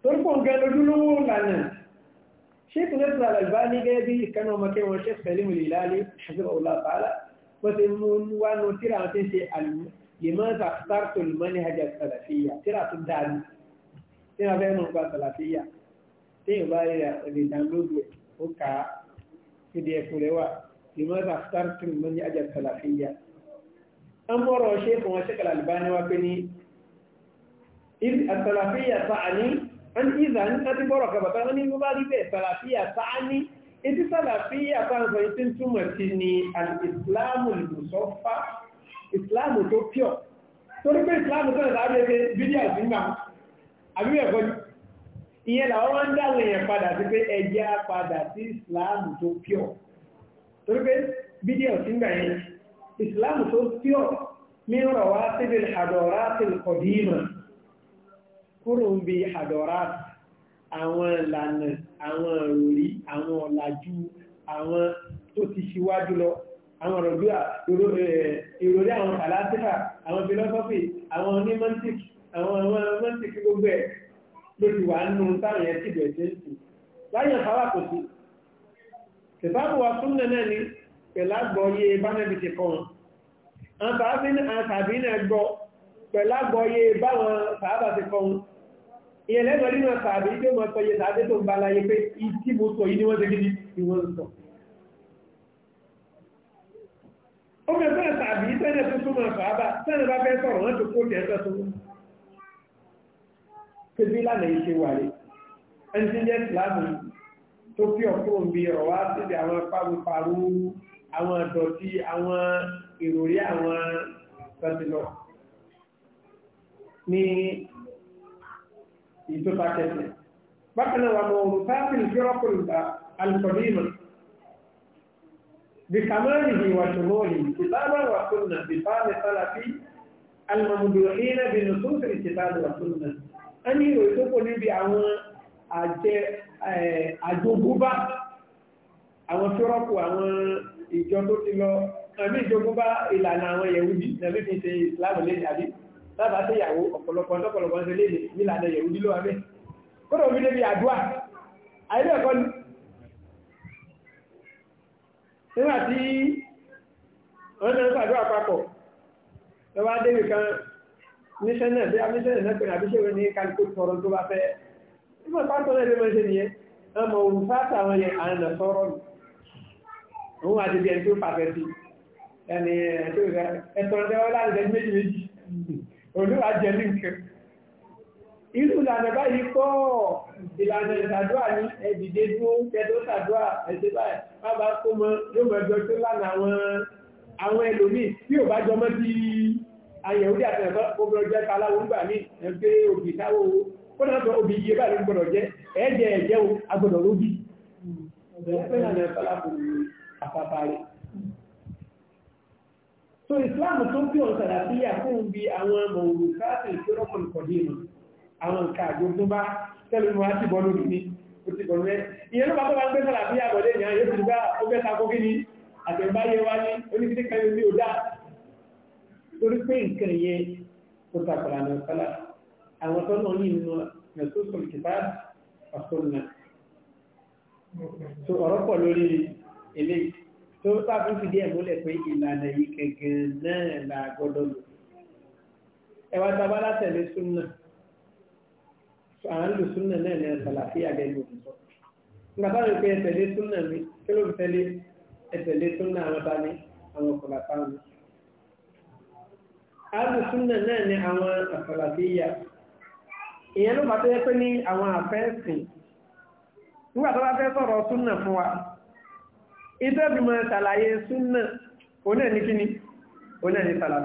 torí kò ń gẹ lójúlówó ìlànà ṣe tó lẹ́tọ̀ àlàgbà ní gẹ́gẹ́ bí ìkànnà ọmọkẹ́ wọn ṣe pẹ̀lú ìlàlẹ́ ṣàfihàn ọlọ́pàá wọ́n ti mú wá nù tíra àwọn tí ń ṣe àlùmọ́ta sártò lùmọ́ni hajj sàlàfíyà tíra tó dáadé tíra fẹ́ nù pa sàlàfíyà tí ìwà rẹ̀ dánlódù ẹ̀ ó kà ẹni ìzà ní tẹ́tí bọ́rọ̀ kẹbàtà ní wọ́n bá rí bẹ́ẹ̀ sàlàfíà sáà ní etí sàlàfíà sáàǹsọ̀ yìí tí ń túmọ̀ sí ni alìsìláàmù ìlùsọ́fà ìsìláàmù tó pure torí pé ìsìláàmù tó nìta abẹ́gbẹ́ bídíà sí ńgbà àbí ẹ̀kọ́ ni ìyẹn làwọn máa ń dáhùn èèyàn padà sí pé ẹjẹ́ padà sí ìsìláàmù tó pure torí pé bídíà sí ńgbà yẹn ìsìláàmù tó pure mí rọ̀ wá síbi àdọ̀rá sí ìkọ̀dí ìmọ̀ kúrò ń bi hadorat àwọn ìlànà àwọn òrí àwọn ọ̀làjú àwọn tó ti ṣíwájú lọ àwọn ọ̀rọ̀gbíà ìròrí àwọn kàlásífà àwọn philosophy àwọn onímọ́ntík àwọn àwọn mọ́ntík gbogbo ẹ̀ ló ti wà nù táwọn yẹn ti bẹ̀ẹ̀ tẹ́ǹtì láyé ìfàwà kò sí ìfàwà wa tún nà náà ni pẹ̀lágbọ́yé bánẹ́bì ti kọ́ wọn àwọn tàbí náà gbọ́ pẹ̀lágbọ́yé báwọn sàábà ti kọ́ wọn ìyẹn lẹ́nu ọdún náà tàbí tí ó mọ̀ sọ iye tàbí tó ń bá láyé pé ìtí mo sọ yìí ni wọ́n ṣe gidi ni wọ́n sọ. ó fẹ́ sọ́nà tàbí sẹ́nà tó súnmọ́ fàábà sẹ́nà bá fẹ́ sọ̀rọ̀ wọ́n ti kó tẹ̀ ẹ́sẹ̀ tó ń. kébí lánàá jẹ́ ìsìlámù tó ìjọba kẹsẹ̀. bákan náà wà mọ̀ òun sáàpìlì fírọ́pùlù alùpàdìmọ̀ bí kàmáàlì wà ṣùgbọ́n ìtìlábà wà súnà bí fáàmì sálàfí almàmùdùrínà bí nùsùsù ìtìlábà wà súnà a ní ìròyìn tó kò níbi àwọn àjogúnbá àwọn fírọ́pù àwọn ìjọ tó ti lọ àmì ìjogúnbá ìlànà àwọn yẹ̀wùdí nàbí fi ṣe ìsìláàmù lẹ́yìn lábàá sí ìyàwó ọ̀pọ̀lọpọ̀ ọ̀pọ̀lọpọ̀ ṣe léde nílànà ìyàwó nílò abẹ́ kódà omi débi àdúà àìlẹ́ ẹ̀kọ́ ni nígbà tí wọ́n ṣe ń ṣàdúrà papọ̀ lọ́wọ́ débi kan níṣẹ́ náà bí amíṣẹ́ náà pẹ̀lú àbíṣẹ́wé ní kálukú tọrọ tó bá fẹ́ nígbà pátọ́ náà lè máa ṣe nìyẹn ọmọ òun fáta àwọn yẹn àna sọ̀rọ̀ nù òun àti bí ẹni tó fàfẹ́ sí ẹni ẹ̀tọ́ ẹ̀tọ́ ẹ̀tọ́ láti ẹni méjì méjì olúwa jẹ ní nǹkan irú ìlànà báyìí pọ̀ ìlànà ìsàdúrà ní ẹ̀dìdé dúró tẹ́tọ́ sàdúrà ẹ̀sẹ̀ báyìí bábá kó mọ yóò mọ ẹjọ́ tó lánà àwọn àwọn ẹlòmíì tí ò bá jọmọ́ ti ayẹ̀wòdì àtẹ̀fọ́ obìnrin jẹ́ kaláwo ńgbà mí ẹgbẹ́ òbí táwo ó náà sọ òbí iye so islam tó bí ọ̀n sàlàfíà fún bí àwọn mọ̀wòrò káàkiri tó rọ́pùn kọ̀dé mọ̀ àwọn nǹkan àjọ̀gbọ́n bá tẹ́lẹ̀ mọ́ láti bọ́ lórí ní ó ti bọ̀rọ̀ rẹ̀ ìyẹn ló bá tó bá ń gbé sàlàfíà bọ̀lé ìyàn yóò ti bá ni àtẹ̀báyé wá ní oníkíní kan ní ò dáa torí pé nǹkan so ọ̀rọ̀ pọ̀ lórí tó sáfún fìdí ẹ̀ múlẹ̀ pé ìlànà yìí kẹ̀kẹ́ náà là gbọ́dọ̀ lò ẹwà tàbá látẹ̀lé súnà àwọn lò súnà náà ní ẹ̀sàlàfíà gẹ́gẹ́ òṣìṣọ́ nígbà táwọn ìpè ẹ̀tẹ̀lé súnà mi kí ló fi tẹ́lé ẹ̀tẹ̀lé súnà àwọn bá ní àwọn ọ̀pọ̀lọpọ̀ àwọn náà ní àwọn ìyẹn ló bá pé ìtẹ́bìmọ̀ ṣàlàyé súnnà onáà ní kíní onáà ní sàlàfí